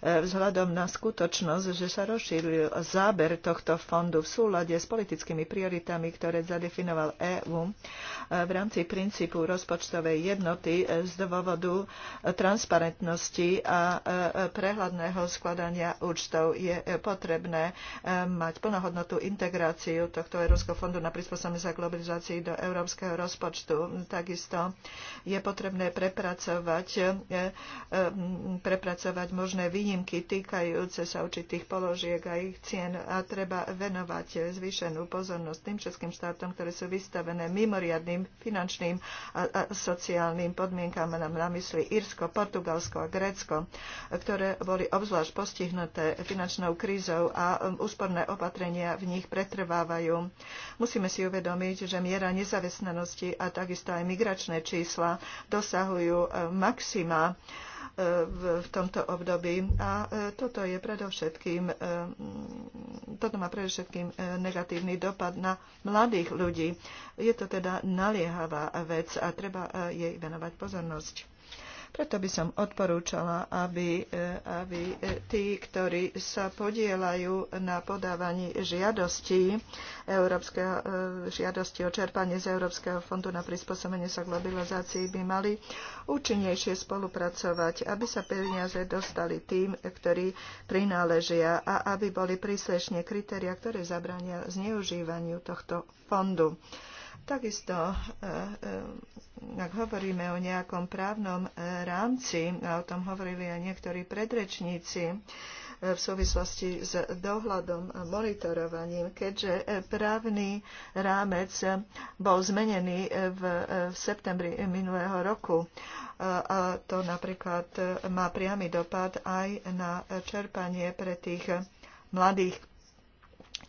vzhľadom na skutočnosť, že sa rozšíril záber tohto fondu v súlade s politickými prioritami, ktoré zadefinoval EÚ e, v rámci princípu rozpočtovej jednoty e, z dôvodu e, transparentnosti a prehľadného skladania účtov je potrebné mať plnohodnotnú integráciu tohto Európskeho fondu na prispôsobenie sa globalizácii do európskeho rozpočtu. Takisto je potrebné prepracovať, prepracovať možné výnimky výnimky týkajúce sa určitých položiek a ich cien a treba venovať zvýšenú pozornosť tým českým štátom, ktoré sú vystavené mimoriadným finančným a, sociálnym podmienkám, nám na mysli Írsko, Portugalsko a Grécko, ktoré boli obzvlášť postihnuté finančnou krízou a um, úsporné opatrenia v nich pretrvávajú. Musíme si uvedomiť, že miera nezavestnanosti a takisto aj migračné čísla dosahujú um, maxima E, v tomto období. A e, toto je predovšetkým, e, toto má predovšetkým negatívny dopad na mladých ľudí. Je to teda naliehavá vec a treba jej venovať pozornosť. Preto by som odporúčala, aby, e, aby e, tí, ktorí sa podielajú na podávaní žiadosti, Európskeho, e, žiadosti o čerpanie z Európskeho fondu na prispôsobenie sa globalizácii, by mali účinnejšie spolupracovať, aby sa peniaze dostali tým, ktorí prináležia a aby boli príslešne kritéria, ktoré zabrania zneužívaniu tohto fondu. Takisto, e, e, ak hovoríme o nejakom právnom e, rámci, a o tom hovorili aj niektorí predrečníci, v súvislosti s dohľadom a monitorovaním, keďže právny rámec bol zmenený v, septembri minulého roku. A to napríklad má priamy dopad aj na čerpanie pre tých mladých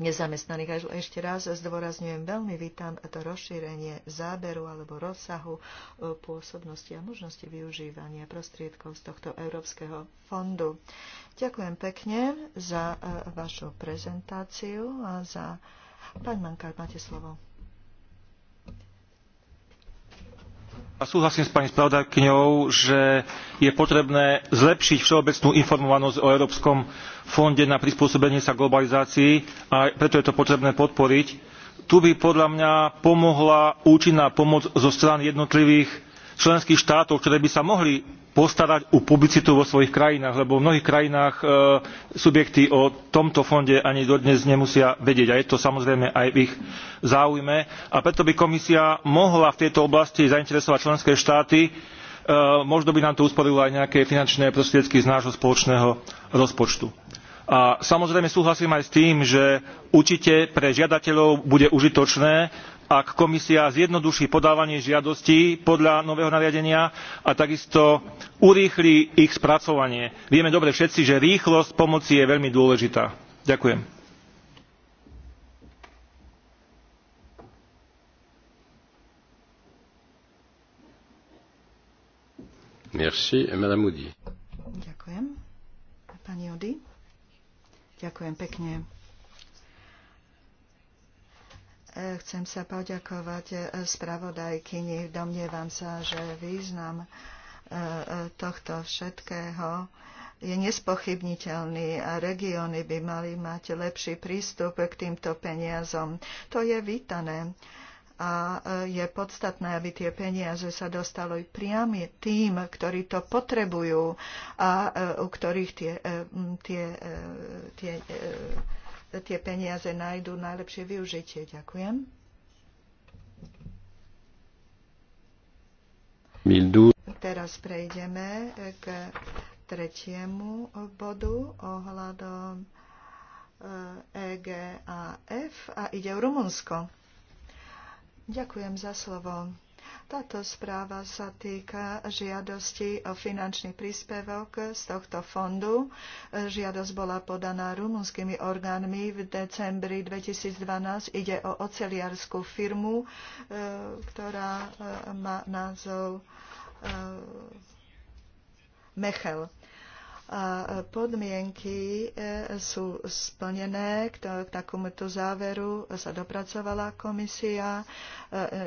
nezamestnaných. A ešte raz zdôrazňujem, veľmi vítam to rozšírenie záberu alebo rozsahu e, pôsobnosti a možnosti využívania prostriedkov z tohto Európskeho fondu. Ďakujem pekne za e, vašu prezentáciu a za... Pán Mankár, máte slovo. A súhlasím s pani spravodajkyňou, že je potrebné zlepšiť všeobecnú informovanosť o Európskom fonde na prispôsobenie sa globalizácii a preto je to potrebné podporiť. Tu by podľa mňa pomohla účinná pomoc zo strany jednotlivých členských štátov, ktoré by sa mohli postarať o publicitu vo svojich krajinách, lebo v mnohých krajinách e, subjekty o tomto fonde ani dodnes nemusia vedieť. A je to samozrejme aj v ich záujme. A preto by komisia mohla v tejto oblasti zainteresovať členské štáty. E, možno by nám to usporilo aj nejaké finančné prostriedky z nášho spoločného rozpočtu. A samozrejme súhlasím aj s tým, že určite pre žiadateľov bude užitočné, ak komisia zjednoduší podávanie žiadostí podľa nového nariadenia a takisto urýchli ich spracovanie. vieme dobre všetci že rýchlosť pomoci je veľmi dôležitá. ďakujem. Ďakujem. Pani Ďakujem pekne. Chcem sa poďakovať e, spravodajkyni. Domnievam sa, že význam e, e, tohto všetkého je nespochybniteľný a regióny by mali mať lepší prístup k týmto peniazom. To je vítané a je podstatné, aby tie peniaze sa dostali priami tým, ktorí to potrebujú a u ktorých tie, tie, tie, tie tie peniaze nájdú najlepšie využitie. Ďakujem. 2012. Teraz prejdeme k tretiemu bodu ohľadom EGAF e a ide o Rumunsko. Ďakujem za slovo. Táto správa sa týka žiadosti o finančný príspevok z tohto fondu. Žiadosť bola podaná rumunskými orgánmi v decembri 2012. Ide o oceliarskú firmu, e, ktorá e, má názov e, Mechel a e, podmienky e, sú splnené. K takomuto záveru sa dopracovala komisia. E,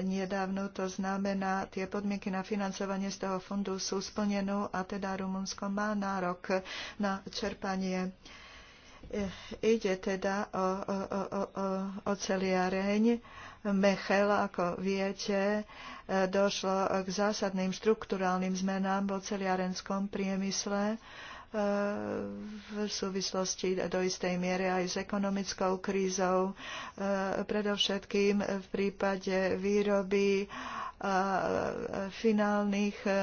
nedávno to znamená, tie podmienky na financovanie z toho fondu sú splnené a teda Rumunsko má nárok na čerpanie ide teda o, o, o, o oceliareň. Mechel, ako viete, došlo k zásadným štruktúrálnym zmenám v oceliarenskom priemysle v súvislosti do istej miery aj s ekonomickou krízou, e, predovšetkým v prípade výroby e, finálnych e,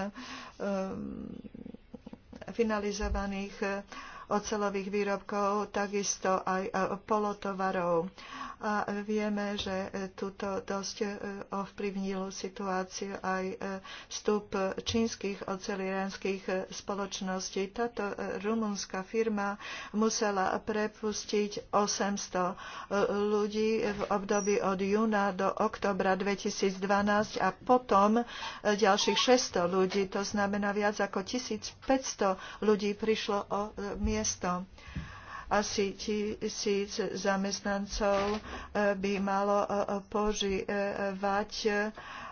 finalizovaných ocelových výrobkov, takisto aj polotovarov a vieme, že e, tuto dosť e, ovplyvnil situáciu aj e, vstup čínskych oceliarských spoločností. Táto rumunská firma musela prepustiť 800 ľudí v období od júna do oktobra 2012 a potom ďalších 600 ľudí, to znamená viac ako 1500 ľudí prišlo o miesto asi tisíc zamestnancov eh, by malo eh, eh, požívať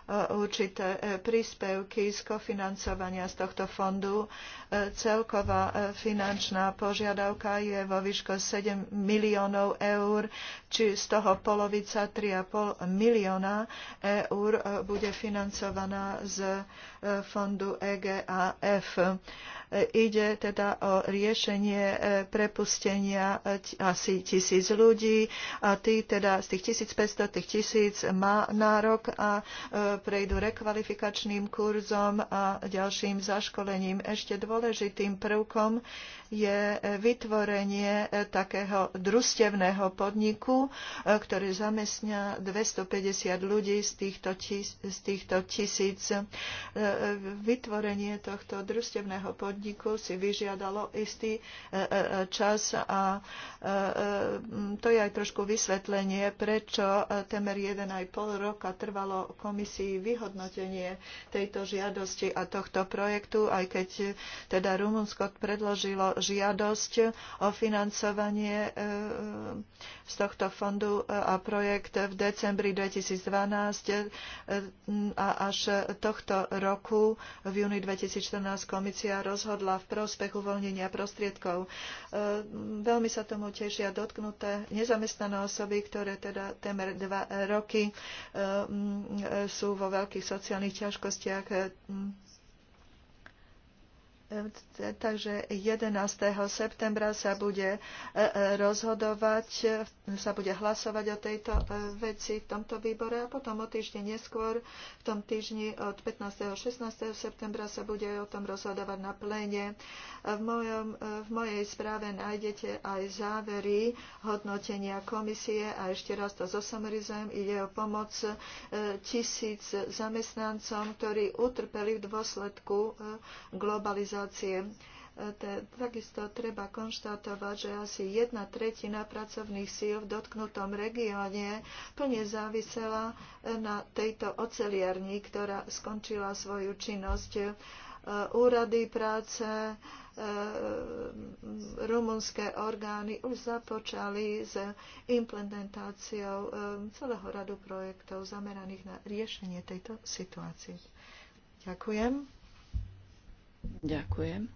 E, určité e, príspevky z kofinancovania z tohto fondu. E, celková finančná požiadavka je vo výške 7 miliónov eur, či z toho polovica 3,5 milióna eur bude financovaná z fondu EGAF. Ide teda o riešenie prepustenia asi tisíc ľudí a tí teda z tých 1500, tých tisíc má nárok a prejdú rekvalifikačným kurzom a ďalším zaškolením. Ešte dôležitým prvkom je vytvorenie takého družstevného podniku, ktorý zamestňa 250 ľudí z týchto, tis, z týchto tisíc. E, vytvorenie tohto družstevného podniku si vyžiadalo istý e, e, čas a to je aj trošku vysvetlenie, prečo temer 1,5 roka trvalo komisii vyhodnotenie tejto žiadosti a tohto projektu, aj keď teda Rumunsko predložilo žiadosť o financovanie e, z tohto fondu a projekt v decembri 2012 e, a až tohto roku v júni 2014 komisia rozhodla v prospech uvoľnenia prostriedkov. E, veľmi sa tomu tešia dotknuté nezamestnané osoby, ktoré teda témer dva roky sú vo veľkých sociálnych ťažkostiach, Takže 11. septembra sa bude e, e, rozhodovať, sa bude hlasovať o tejto e, veci v tomto výbore a potom o týždeň neskôr, v tom týždni od 15. a 16. septembra sa bude o tom rozhodovať na pléne. V, mojom, v mojej správe nájdete aj závery hodnotenia komisie a ešte raz to zosumarizujem. Ide o pomoc tisíc zamestnancom, ktorí utrpeli v dôsledku globalizácie organizácie. E, takisto treba konštatovať, že asi jedna tretina pracovných síl v dotknutom regióne plne závisela e, na tejto oceliarni, ktorá skončila svoju činnosť. E, úrady práce, rumunské orgány už započali s implementáciou celého radu projektov zameraných na riešenie tejto situácie. Ďakujem. Ďakujem.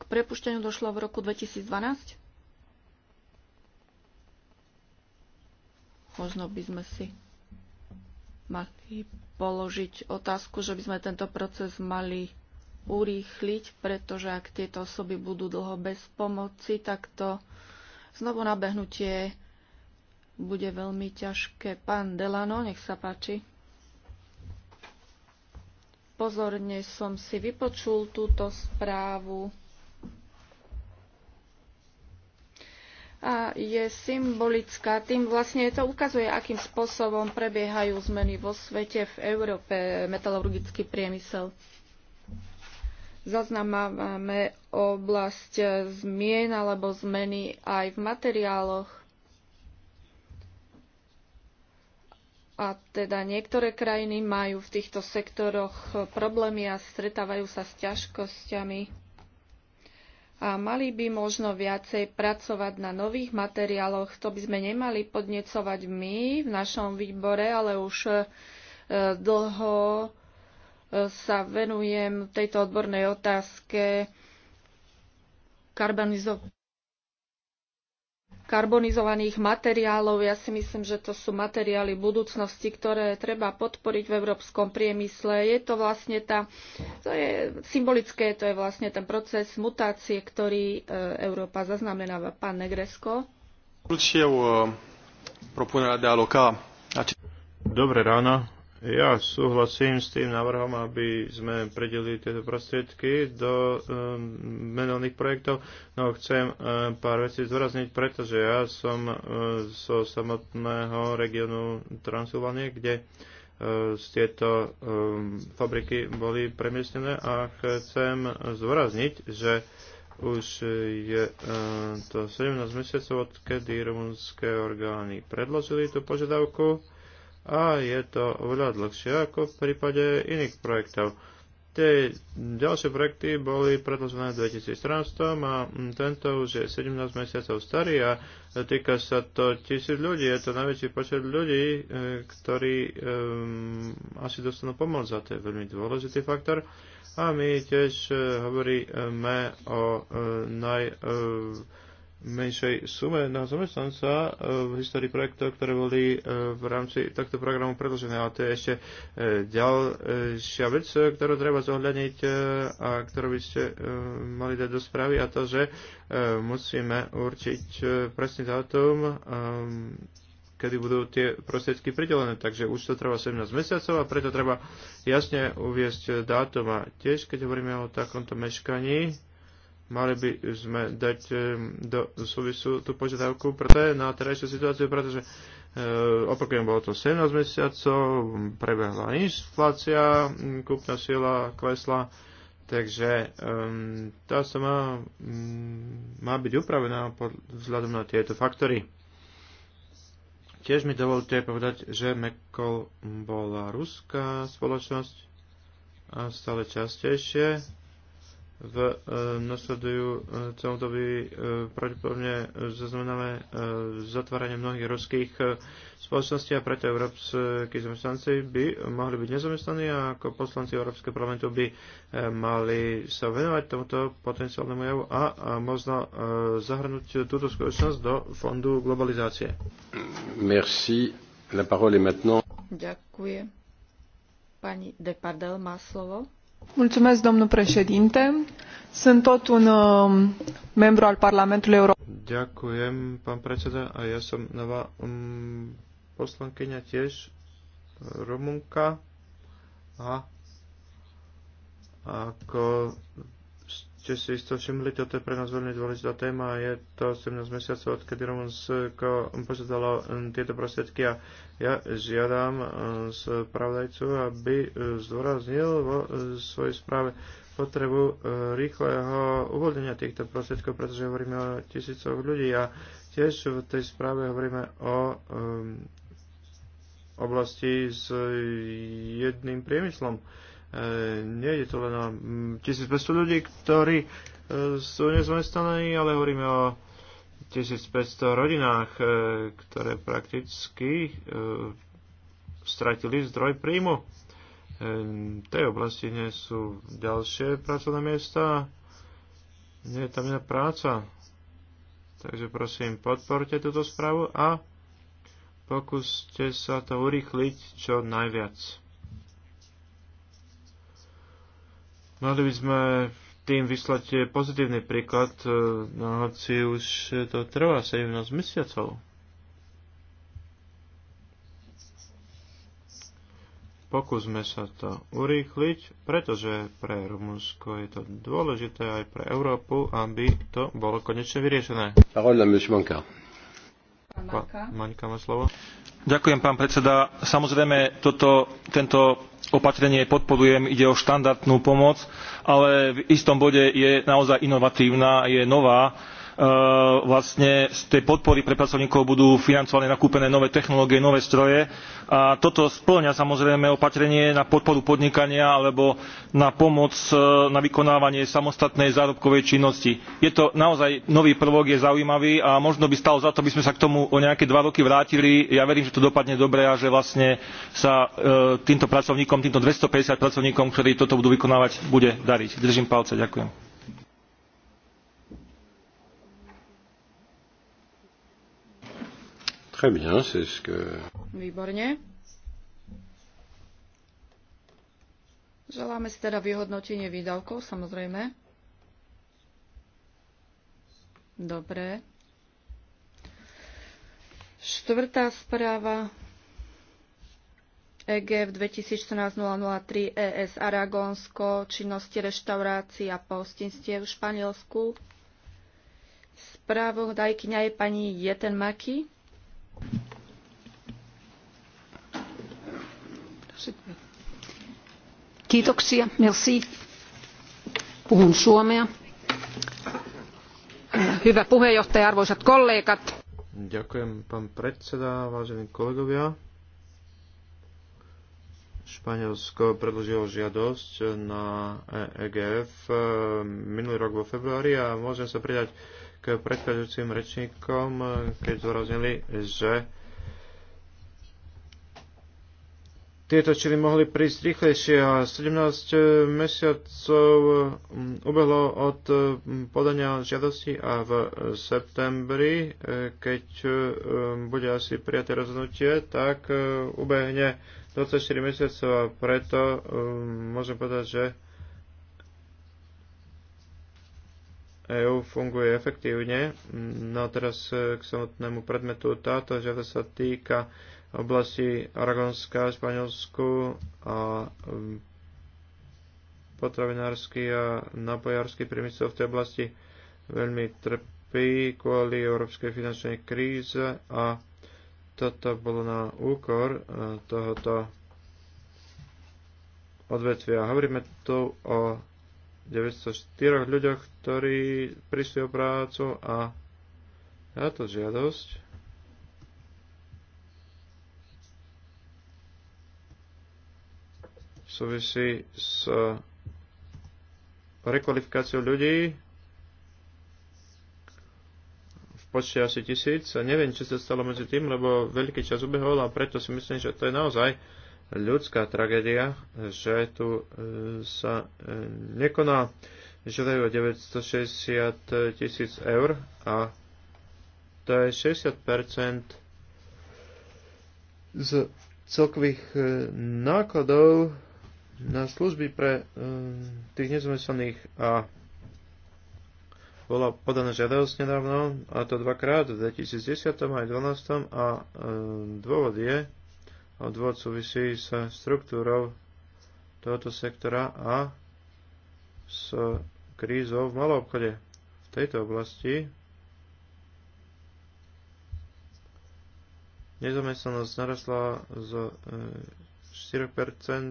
K prepušteniu došlo v roku 2012? Možno by sme si mali položiť otázku, že by sme tento proces mali urýchliť, pretože ak tieto osoby budú dlho bez pomoci, tak to znovu nabehnutie bude veľmi ťažké. Pán Delano, nech sa páči. Pozorne som si vypočul túto správu. A je symbolická, tým vlastne to ukazuje, akým spôsobom prebiehajú zmeny vo svete, v Európe, metalurgický priemysel zaznamávame oblasť zmien alebo zmeny aj v materiáloch. A teda niektoré krajiny majú v týchto sektoroch problémy a stretávajú sa s ťažkosťami. A mali by možno viacej pracovať na nových materiáloch. To by sme nemali podnecovať my v našom výbore, ale už e, dlho e, sa venujem tejto odbornej otázke karbonizovaných karbonizovaných materiálov. Ja si myslím, že to sú materiály budúcnosti, ktoré treba podporiť v európskom priemysle. Je to vlastne tá, to je symbolické, to je vlastne ten proces mutácie, ktorý e, Európa zaznamenáva. Pán Negresko. E, Dobré ráno. Ja súhlasím s tým návrhom, aby sme predelili tieto prostriedky do um, menovných projektov, no chcem um, pár vecí zvrazniť, pretože ja som um, zo samotného regiónu Transylvanie, kde uh, z tieto um, fabriky boli premiestnené a chcem zdôrazniť, že už je uh, to 17 mesiacov, odkedy rumunské orgány predložili tú požiadavku a je to oveľa dlhšie ako v prípade iných projektov. Tie ďalšie projekty boli predložené v 2014 a tento už je 17 mesiacov starý a týka sa to tisíc ľudí. Je to najväčší počet ľudí, e, ktorí um, asi dostanú pomoc za to je veľmi dôležitý faktor. A my tiež uh, hovoríme o uh, naj... Uh, menšej sume na zamestnanca e, v histórii projektov, ktoré boli e, v rámci tohto programu predložené. A to je ešte e, ďalšia vec, ktorú treba zohľadniť a ktorú by ste mali dať do správy a to, že musíme určiť presný dátum kedy budú tie prostriedky pridelené. Takže už to trvá 17 mesiacov a preto treba jasne uviesť dátum. A tiež, keď hovoríme o takomto meškaní, mali by sme dať eh, do súvisu tú požiadavku pre to na terajšiu situáciu, pretože eh, opakujem, bolo to 17 mesiacov, prebehla inflácia, mm, kúpna sila klesla, takže um, tá sa má, um, má byť upravená pod vzhľadom na tieto faktory. Tiež mi dovolte povedať, že Mekol bola ruská spoločnosť a stále častejšie v e, nasledujúcom e, by e, pravdepodobne zaznamenáme e, zatváranie mnohých ruských e, spoločností a preto európsky zamestnanci by mohli byť nezamestnaní a ako poslanci Európskeho parlamentu by e, mali sa venovať tomuto potenciálnemu javu a, a možno e, zahrnúť túto skutočnosť do fondu globalizácie. Merci. La parole est maintenant. Ďakujem. Pani Depardel má slovo. Mulțumesc, domnul președinte. Sunt tot un um, membru al Parlamentului European. Ďakujem, pán predseda. A ja som nová um, poslankyňa tiež Rumunka. ako ste si isto všimli, toto je pre nás veľmi dôležitá téma. Je to 18 mesiacov, odkedy Rumunsko požiadalo hm, tieto prostriedky a ja žiadam hm, spravodajcu, aby hm, zdôraznil vo svojej správe potrebu rýchleho uvoľnenia týchto prostriedkov, pretože hovoríme o tisícoch ľudí a tiež v tej správe hovoríme o oblasti s jedným priemyslom E, nie je to len o 1500 mm, ľudí, ktorí e, sú nezamestnaní, ale hovoríme o 1500 rodinách, e, ktoré prakticky stratili zdroj príjmu. V tej oblasti nie sú ďalšie pracovné miesta, nie je tam iná práca. Takže prosím, podporte túto správu a pokúste sa to urýchliť čo najviac. Mali by sme tým vyslať pozitívny príklad, no hoci už to trvá 17 mesiacov. Pokúsme sa to urýchliť, pretože pre Rumunsko je to dôležité aj pre Európu, aby to bolo konečne vyriešené. Maňka má slovo. Ďakujem, pán predseda. Samozrejme, toto, tento opatrenie podporujem ide o štandardnú pomoc ale v istom bode je naozaj inovatívna je nová Eh, vlastne z tej podpory pre pracovníkov budú financované nakúpené nové technológie, nové stroje. A toto spĺňa samozrejme opatrenie na podporu podnikania alebo na pomoc eh, na vykonávanie samostatnej zárobkovej činnosti. Je to naozaj nový prvok, je zaujímavý a možno by stalo za to, by sme sa k tomu o nejaké dva roky vrátili. Ja verím, že to dopadne dobre a že vlastne sa eh, týmto pracovníkom, týmto 250 pracovníkom, ktorí toto budú vykonávať, bude dariť. Držím palce, ďakujem. Très bien, c'est ce que... Výborne. Želáme si teda vyhodnotenie výdavkov, samozrejme. Dobre. Štvrtá správa. EGF 2014-003 ES Aragonsko, činnosti reštaurácií a postinstie v Španielsku. Správou dajkyňa je pani Jeten Maki. Kiitoksia, merci. Puhun suomea. Äh, hyvä puheenjohtaja, arvoisat kollegat. Ďakujem, pán predseda, vážení kolegovia. Španielsko predložilo žiadosť na EGF e eh, minulý rok vo februári a môžem sa pridať k predchádzajúcim rečníkom, keď zdôraznili, že tieto čili mohli prísť rýchlejšie a 17 mesiacov mm, ubehlo od mm, podania žiadosti a v septembri, e, keď e, mm, bude asi prijaté rozhodnutie, tak e, ubehne 24 mesiacov a preto môžem povedať, že EU funguje efektívne. No teraz e, k samotnému predmetu táto žiada sa týka oblasti Aragonska, Španielsku a mm, potravinársky a napojársky priemysel v tej oblasti veľmi trpí kvôli európskej finančnej kríze a toto bolo na úkor e, tohoto odvetvia. Hovoríme tu o 904 ľuďoch, ktorí prišli o prácu a táto žiadosť súvisí s rekvalifikáciou ľudí v počte asi tisíc a neviem, či sa stalo medzi tým, lebo veľký čas ubehol a preto si myslím, že to je naozaj ľudská tragédia, že tu e, sa e, nekoná, Žiadajú 960 tisíc eur a to je 60% z celkových e, nákladov na služby pre tých nezmyselných a bola podaná žiadosť nedávno, a to dvakrát, v 2010 aj 2012, a e, dôvod je, odvod súvisí s štruktúrou tohoto sektora a s krízou v malom obchode. V tejto oblasti nezamestnanosť narastla z 4%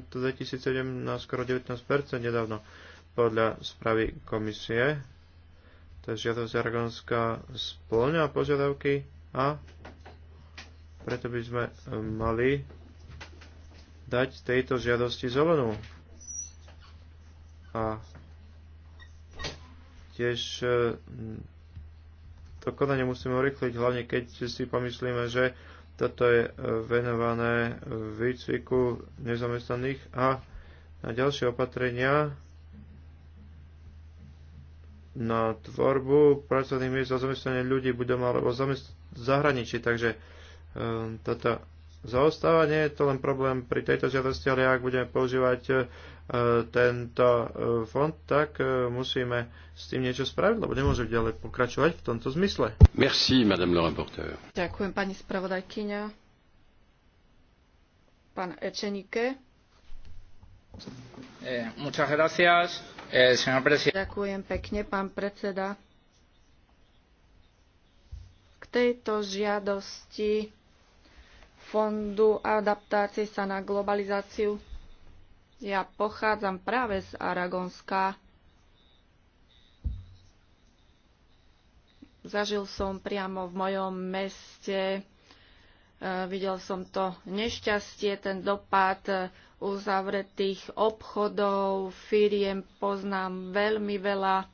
e, 2007 na skoro 19% nedávno podľa správy komisie. Takže žiadosť Aragonska splňa požiadavky a preto by sme mali dať tejto žiadosti zelenú. A tiež e, to konanie musíme urychliť, hlavne keď si pomyslíme, že toto je e, venované výcviku nezamestnaných a na ďalšie opatrenia na tvorbu pracovných miest a zamestnanie ľudí budom alebo zamest- zahraničí. Takže um, toto zaostáva. Nie je to len problém pri tejto žiadosti, ale ak budeme používať e, tento e, fond, tak e, musíme s tým niečo spraviť, lebo nemôžeme ďalej pokračovať v tomto zmysle. Merci, madame le rapporteur. Ďakujem, pani spravodajkyňa. Pán Ečenike. Eh, muchas gracias, eh, señor presidente. Ďakujem pekne, pán predseda. K tejto žiadosti fondu adaptácie sa na globalizáciu. Ja pochádzam práve z Aragonska. Zažil som priamo v mojom meste, e, videl som to nešťastie, ten dopad e, uzavretých obchodov, firiem, poznám veľmi veľa e,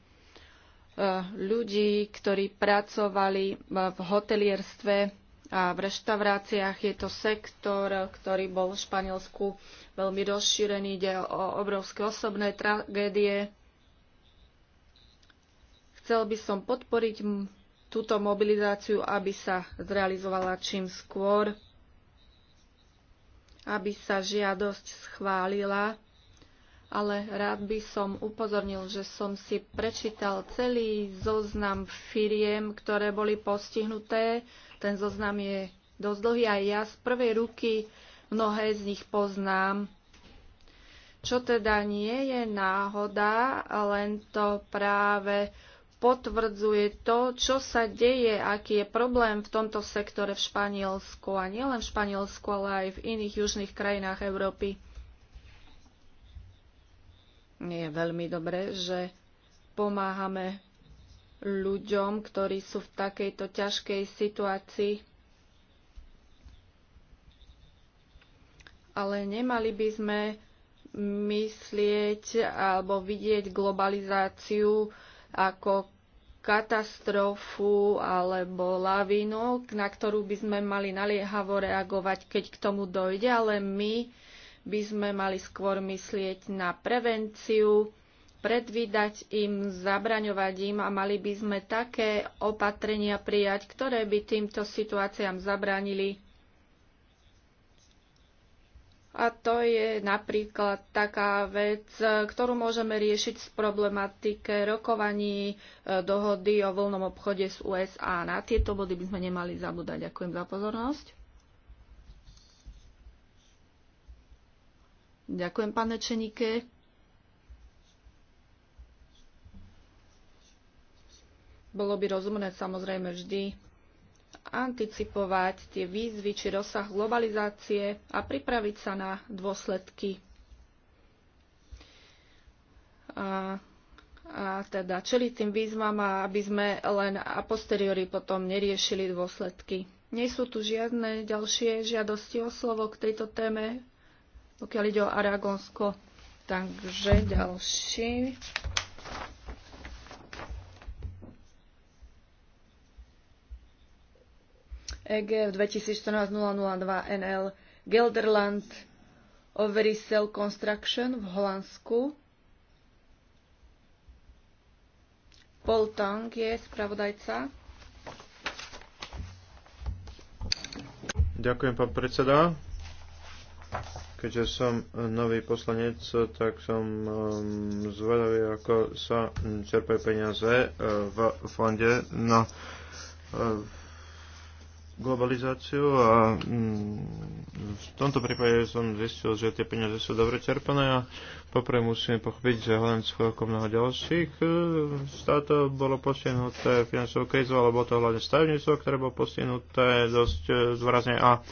ľudí, ktorí pracovali v hotelierstve a v reštauráciách je to sektor, ktorý bol v Španielsku veľmi rozšírený. Ide o obrovské osobné tragédie. Chcel by som podporiť túto mobilizáciu, aby sa zrealizovala čím skôr, aby sa žiadosť schválila ale rád by som upozornil, že som si prečítal celý zoznam firiem, ktoré boli postihnuté. Ten zoznam je dosť dlhý a ja z prvej ruky mnohé z nich poznám. Čo teda nie je náhoda, len to práve potvrdzuje to, čo sa deje, aký je problém v tomto sektore v Španielsku a nielen v Španielsku, ale aj v iných južných krajinách Európy. Je veľmi dobré, že pomáhame ľuďom, ktorí sú v takejto ťažkej situácii. Ale nemali by sme myslieť alebo vidieť globalizáciu ako katastrofu alebo lavinu, na ktorú by sme mali naliehavo reagovať, keď k tomu dojde, ale my by sme mali skôr myslieť na prevenciu, predvídať im, zabraňovať im a mali by sme také opatrenia prijať, ktoré by týmto situáciám zabránili. A to je napríklad taká vec, ktorú môžeme riešiť z problematike rokovaní e, dohody o voľnom obchode s USA. Na tieto body by sme nemali zabúdať. Ďakujem za pozornosť. Ďakujem, pán Čenike. Bolo by rozumné samozrejme vždy anticipovať tie výzvy či rozsah globalizácie a pripraviť sa na dôsledky. A, a teda čeliť tým výzvam, aby sme len a posteriori potom neriešili dôsledky. Nie sú tu žiadne ďalšie žiadosti o slovo k tejto téme pokiaľ ide o Aragonsko. Takže ďalší. EGF 2014-002 NL Gelderland Overysel Construction v Holandsku. Paul Tang je spravodajca. Ďakujem, pán predseda. Keďže som e, nový poslanec, tak som zvedavý, ako sa čerpajú peniaze e, v fonde na e, globalizáciu a mm, v tomto prípade som zistil, že tie peniaze sú dobre čerpané a poprvé musíme pochopiť, že Holandsko ako mnoho ďalších štátov bolo postihnuté finančnou krizou, alebo to hlavne stavebníctvo, ktoré bolo postihnuté dosť zvrazne a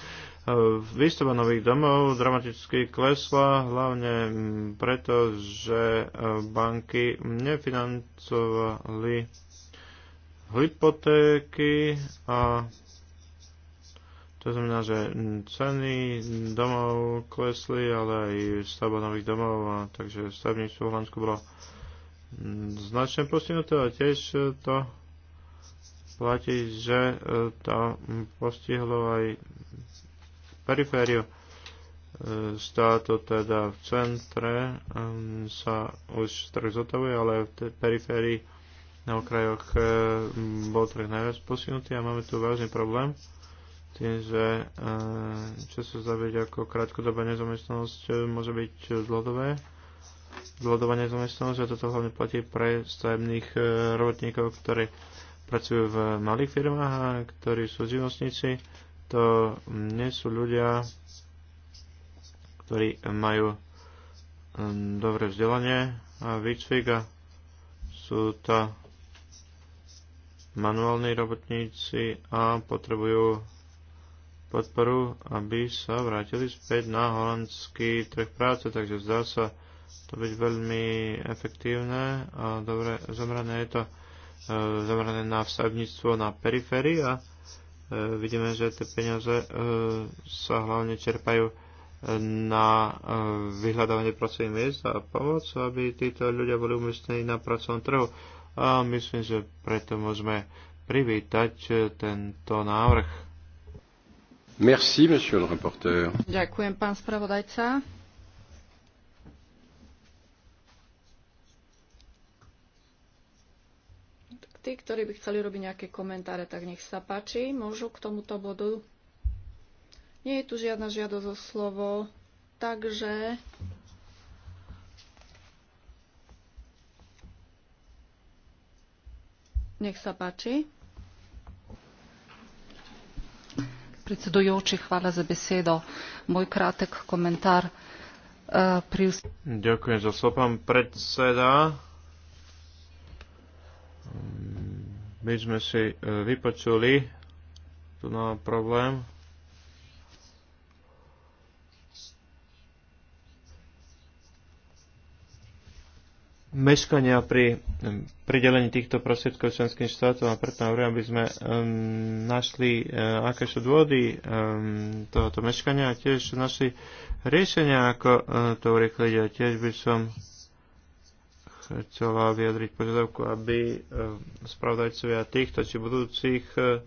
Výstava nových domov dramaticky klesla, hlavne preto, že eh, banky nefinancovali hypotéky a to znamená, že ceny domov klesli, ale aj stavba nových domov, a takže stavebníctvo v Holandsku bolo mm, značne postihnuté a tiež to platí, že eh, to postihlo aj perifériu e, státu, teda v centre e, sa už trh zotavuje, ale v periférii na okrajoch e, bol trh najviac posunutý a máme tu vážny problém tým, že čo sa zavieť ako krátkodobá nezamestnanosť môže byť zlodové. Zlodová nezamestnanosť a toto hlavne platí pre stavebných robotníkov, ktorí pracujú v malých firmách a ktorí sú živnostníci to nie sú ľudia, ktorí majú hm, dobré vzdelanie a výcvik a sú to manuálni robotníci a potrebujú podporu, aby sa vrátili späť na holandský trh práce, takže zdá sa to byť veľmi efektívne a dobre zamerané je to e, zamerané na vstavníctvo na periférii a E, vidíme, že tie peniaze e, sa hlavne čerpajú e, na vyhľadávanie pracovných miest a pomoc, aby títo ľudia boli umiestnení na pracovnom trhu. A myslím, že preto môžeme privítať tento návrh. Merci, monsieur le Ďakujem, pán spravodajca. tí, ktorí by chceli robiť nejaké komentáre, tak nech sa páči, môžu k tomuto bodu. Nie je tu žiadna žiadosť o slovo, takže nech sa páči. Predsedujúči, chvála za besedo. Môj krátek komentár eh, pri... Ďakujem za slovo, pán predseda. My sme si e, vypočuli tu na problém. meškania pri pridelení týchto prostriedkov členským štátom a preto navrhujem, aby sme um, našli, uh, aké sú dôvody um, tohoto meškania a tiež našli riešenia, ako uh, to urychliť a tiež by som chcela vyjadriť požiadavku, aby eh, spravodajcovia týchto či budúcich eh,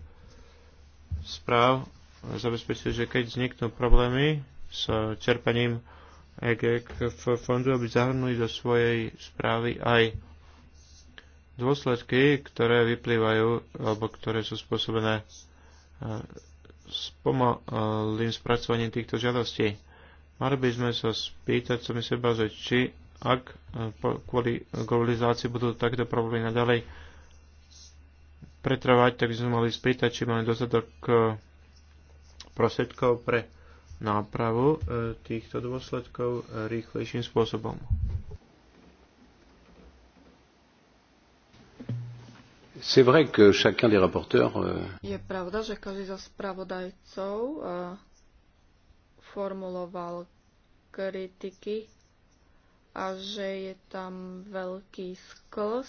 správ zabezpečili, že keď vzniknú problémy s čerpaním v e fondu, aby zahrnuli do svojej správy aj dôsledky, ktoré vyplývajú alebo ktoré sú spôsobené eh, spomalým spracovaním týchto žiadostí. Mali by sme sa spýtať sami seba, že či ak e, kvôli globalizácii budú takéto problémy naďalej pretrvať, tak by sme mali spýtať, či máme dostatok e, prostriedkov pre nápravu e, týchto dôsledkov rýchlejším spôsobom. C'est vrai que chacun des rapporteurs... Euh, Je pravda, že každý zo spravodajcov formuloval kritiky a že je tam veľký skos.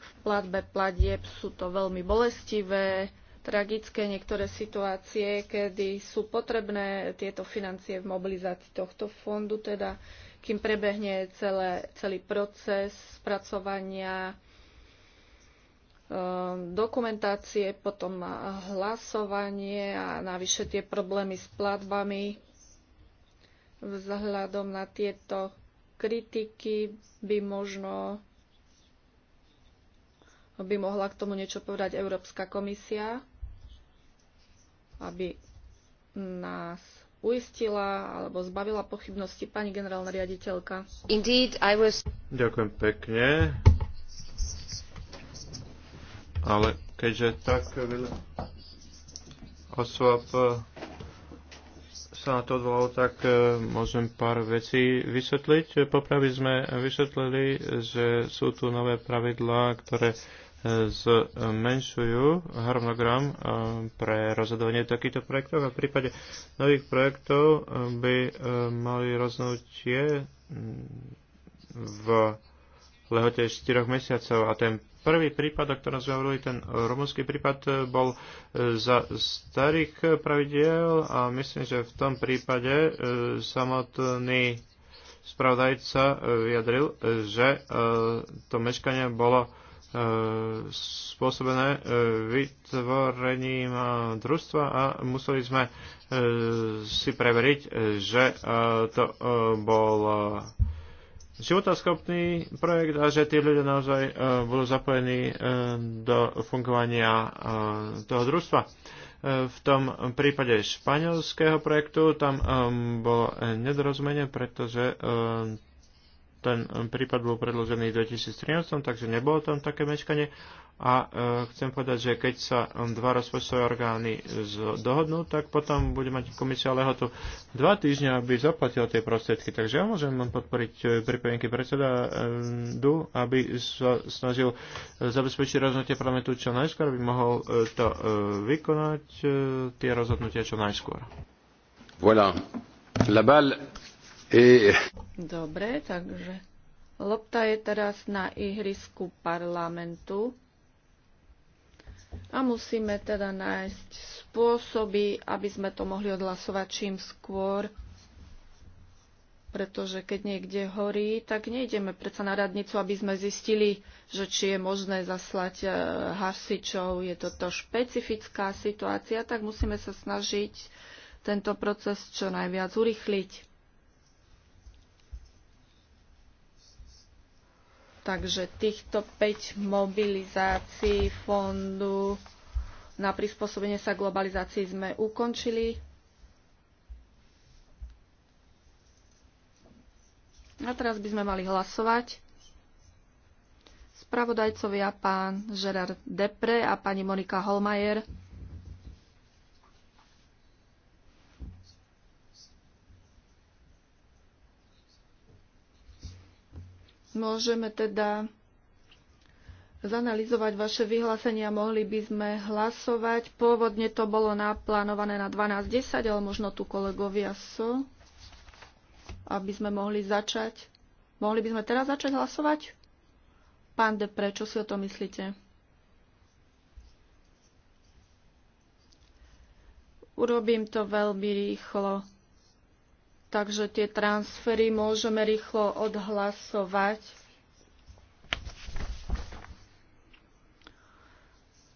V platbe platieb sú to veľmi bolestivé, tragické niektoré situácie, kedy sú potrebné tieto financie v mobilizácii tohto fondu, teda kým prebehne celé, celý proces spracovania ehm, dokumentácie, potom hlasovanie a navyše tie problémy s platbami vzhľadom na tieto kritiky by možno by mohla k tomu niečo povedať Európska komisia, aby nás uistila alebo zbavila pochybnosti pani generálna riaditeľka. Indeed, I was... Ďakujem pekne. Ale keďže tak veľa osôb sa na to odvolal, tak e, môžem pár vecí vysvetliť. Popravy sme vysvetlili, že sú tu nové pravidlá, ktoré e, zmenšujú harmonogram e, pre rozhodovanie takýchto projektov a v prípade nových projektov by mali rozhodnutie v lehote 4 mesiacov a ten Prvý prípad, o ktorom sme hovorili, ten rumunský prípad, e, bol e, za starých pravidiel a myslím, že v tom prípade e, samotný spravodajca vyjadril, že to meškanie bolo spôsobené vytvorením družstva a museli sme si preveriť, že to bol životaschopný projekt a že tí ľudia naozaj e, budú zapojení e, do fungovania e, toho družstva v tom prípade španielského projektu tam um, bolo nedorozumenie, pretože um, ten prípad bol predložený v 2013, takže nebolo tam také mečkanie. A e, chcem povedať, že keď sa um, dva rozpočtové orgány z, dohodnú, tak potom bude mať komisia lehotu dva týždňa, aby zaplatila tie prostriedky. Takže ja môžem podporiť e, pripojenky predseda e, DU, aby sa snažil e, zabezpečiť rozhodnutie parlamentu čo najskôr, aby mohol e, to e, vykonať, e, tie rozhodnutia čo najskôr. Voilà. La balle E... Dobre, takže lopta je teraz na ihrisku parlamentu a musíme teda nájsť spôsoby, aby sme to mohli odhlasovať čím skôr, pretože keď niekde horí, tak nejdeme predsa na radnicu, aby sme zistili, že či je možné zaslať e, hasičov. Je toto špecifická situácia, tak musíme sa snažiť tento proces čo najviac urychliť. Takže týchto 5 mobilizácií fondu na prispôsobenie sa globalizácii sme ukončili. A teraz by sme mali hlasovať. Spravodajcovia pán Gerard Depre a pani Monika Holmajer. Môžeme teda zanalizovať vaše vyhlásenia, mohli by sme hlasovať. Pôvodne to bolo naplánované na 12.10, ale možno tu kolegovia sú, aby sme mohli začať. Mohli by sme teraz začať hlasovať? Pán Depre, čo si o to myslíte? Urobím to veľmi rýchlo. Takže tie transfery môžeme rýchlo odhlasovať.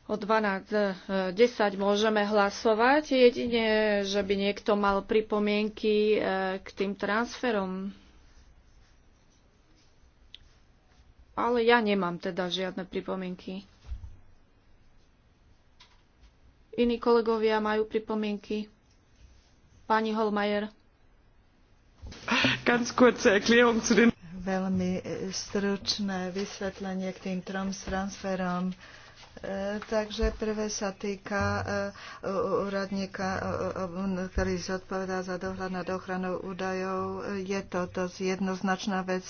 O 12.10 e, môžeme hlasovať, jedine, že by niekto mal pripomienky e, k tým transferom. Ale ja nemám teda žiadne pripomienky. Iní kolegovia majú pripomienky. Pani Holmajer. Veľmi e, stručné vysvetlenie k tým trom transferom. E, takže prvé sa týka e, úradníka, ktorý zodpovedá za dohľad nad ochranou údajov. Je to dosť jednoznačná vec.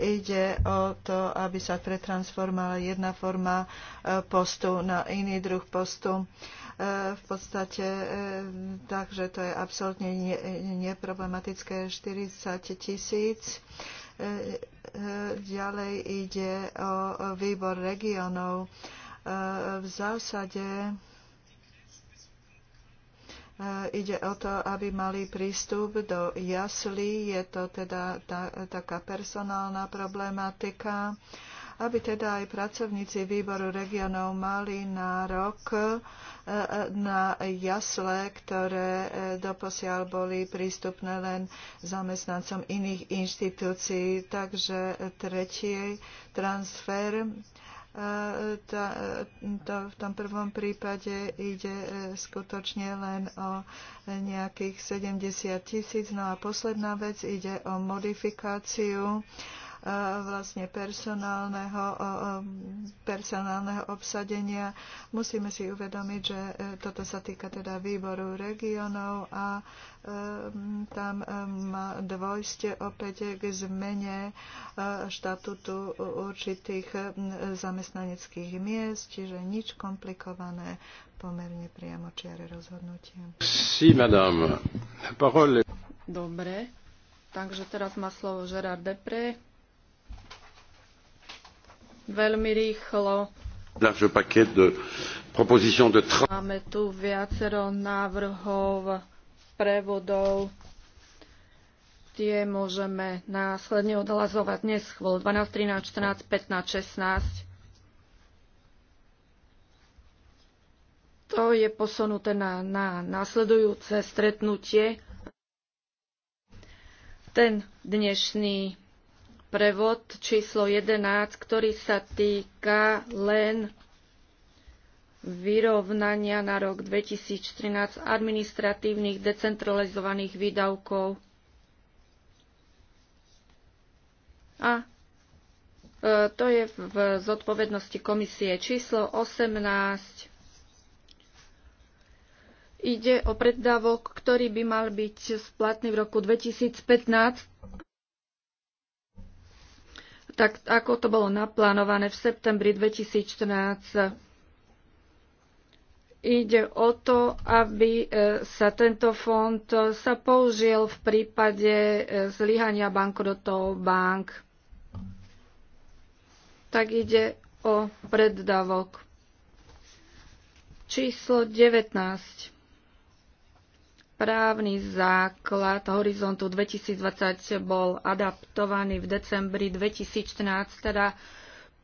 Ide o to, aby sa pretransformovala jedna forma postu na iný druh postu. E, v podstate, e, takže to je absolútne neproblematické 40 tisíc. E, ďalej ide o výbor regionov. V zásade Ide o to, aby mali prístup do jaslí. Je to teda taká personálna problematika. E, aby teda aj pracovníci výboru regionov mali nárok e, e, na jasle, ktoré e, doposiaľ boli prístupné len zamestnancom iných inštitúcií. Takže tretí transfer to v tom prvom prípade ide skutočne len o nejakých 70 tisíc. No a posledná vec ide o modifikáciu vlastne personálneho, personálneho obsadenia. Musíme si uvedomiť, že e, toto sa týka teda výboru regionov a e, tam e, má dvojste opäť k zmene štatutu určitých zamestnaneckých miest, čiže nič komplikované, pomerne priamo čiare rozhodnutie. Si, madame. Parole. Dobre, takže teraz má slovo Gerard Depre veľmi rýchlo. Máme tu viacero návrhov prevodov. Tie môžeme následne odhlasovať dnes chvôl 12, 13, 14, 15, 16. To je posunuté na, na nasledujúce stretnutie. Ten dnešný prevod číslo 11, ktorý sa týka len vyrovnania na rok 2013 administratívnych decentralizovaných výdavkov. A e, to je v zodpovednosti komisie číslo 18. Ide o preddavok, ktorý by mal byť splatný v roku 2015 tak ako to bolo naplánované v septembri 2014. Ide o to, aby e, sa tento fond e, sa použil v prípade e, zlyhania bankrotov bank. Tak ide o preddavok. Číslo 19. Právny základ horizontu 2020 bol adaptovaný v decembri 2014, teda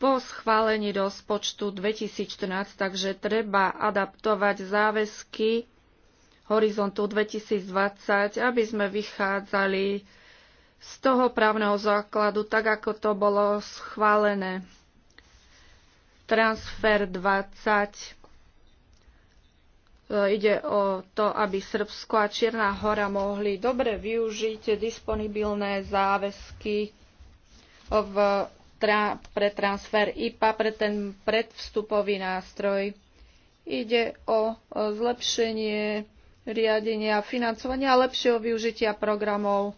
po schválení rozpočtu 2014, takže treba adaptovať záväzky horizontu 2020, aby sme vychádzali z toho právneho základu, tak ako to bolo schválené. Transfer 20 E, ide o to, aby Srbsko a Čierna hora mohli dobre využiť disponibilné záväzky v tra- pre transfer IPA, pre ten predvstupový nástroj. Ide o e, zlepšenie riadenia, financovania a lepšieho využitia programov.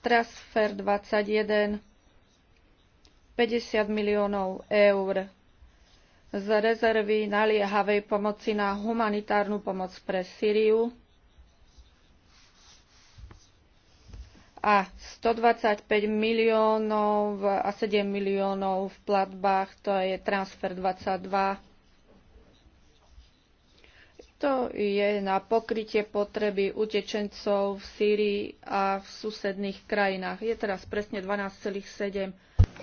Transfer 21 50 miliónov eur z rezervy naliehavej pomoci na humanitárnu pomoc pre Syriu a 125 miliónov a 7 miliónov v platbách, to je transfer 22. To je na pokrytie potreby utečencov v Sýrii a v susedných krajinách. Je teraz presne 12,7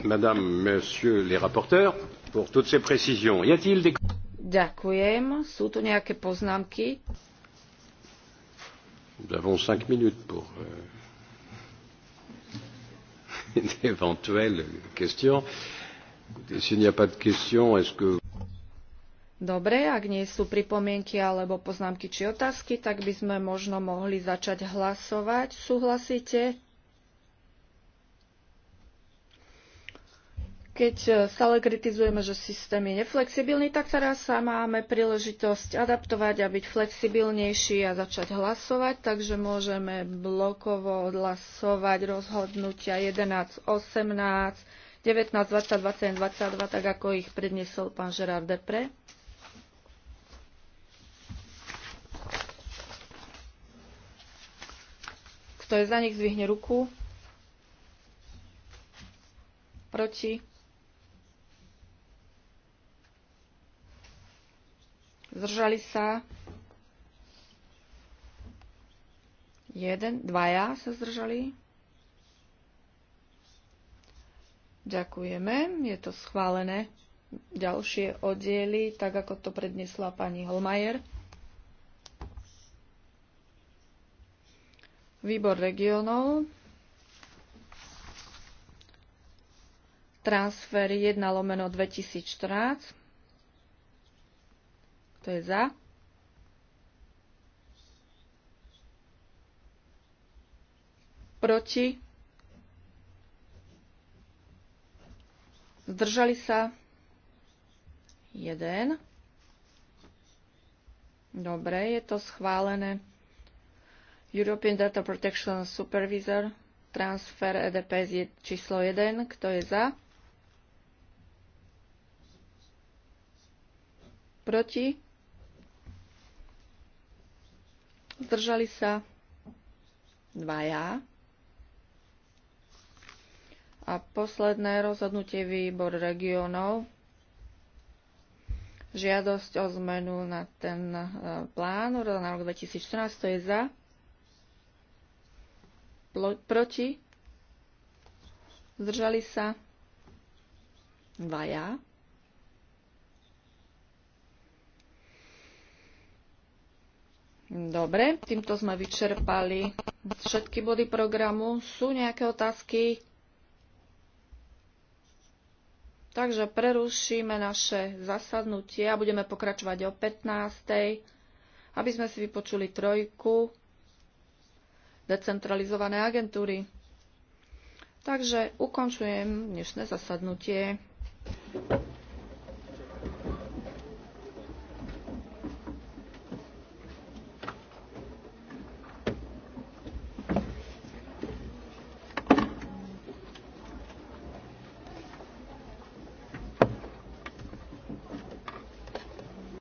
madame, monsieur les rapporteurs pour toutes ces précisions. Y a-t-il des... Ďakujem. Sú tu nejaké poznámky? Nous avons cinq minutes pour euh, d'éventuelles questions. S'il n'y a pas de questions, est-ce que... Dobre, ak nie sú pripomienky alebo poznámky či otázky, tak by sme možno mohli začať hlasovať. Súhlasíte? Keď e, stále kritizujeme, že systém je neflexibilný, tak teraz sa máme príležitosť adaptovať a byť flexibilnejší a začať hlasovať, takže môžeme blokovo odhlasovať rozhodnutia 11, 18, 19, 20, 21, 22, tak ako ich predniesol pán Gerard Depre. Kto je za nich, zvihne ruku. Proti. zdržali sa, jeden, dvaja sa zdržali. Ďakujeme, je to schválené. Ďalšie oddiely, tak ako to prednesla pani Holmajer. Výbor regionov. Transfer 1 lomeno 2014. Kto je za? Proti? Zdržali sa? Jeden. Dobre, je to schválené. European Data Protection Supervisor, transfer EDPS je číslo 1. Kto je za? Proti? Zdržali sa dvaja. A posledné rozhodnutie výbor regionov. Žiadosť o zmenu na ten e, plán na rok 2014, to je za. Proti. Zdržali sa dvaja. Dobre, týmto sme vyčerpali všetky body programu. Sú nejaké otázky? Takže prerušíme naše zasadnutie a budeme pokračovať o 15. aby sme si vypočuli trojku decentralizované agentúry. Takže ukončujem dnešné zasadnutie.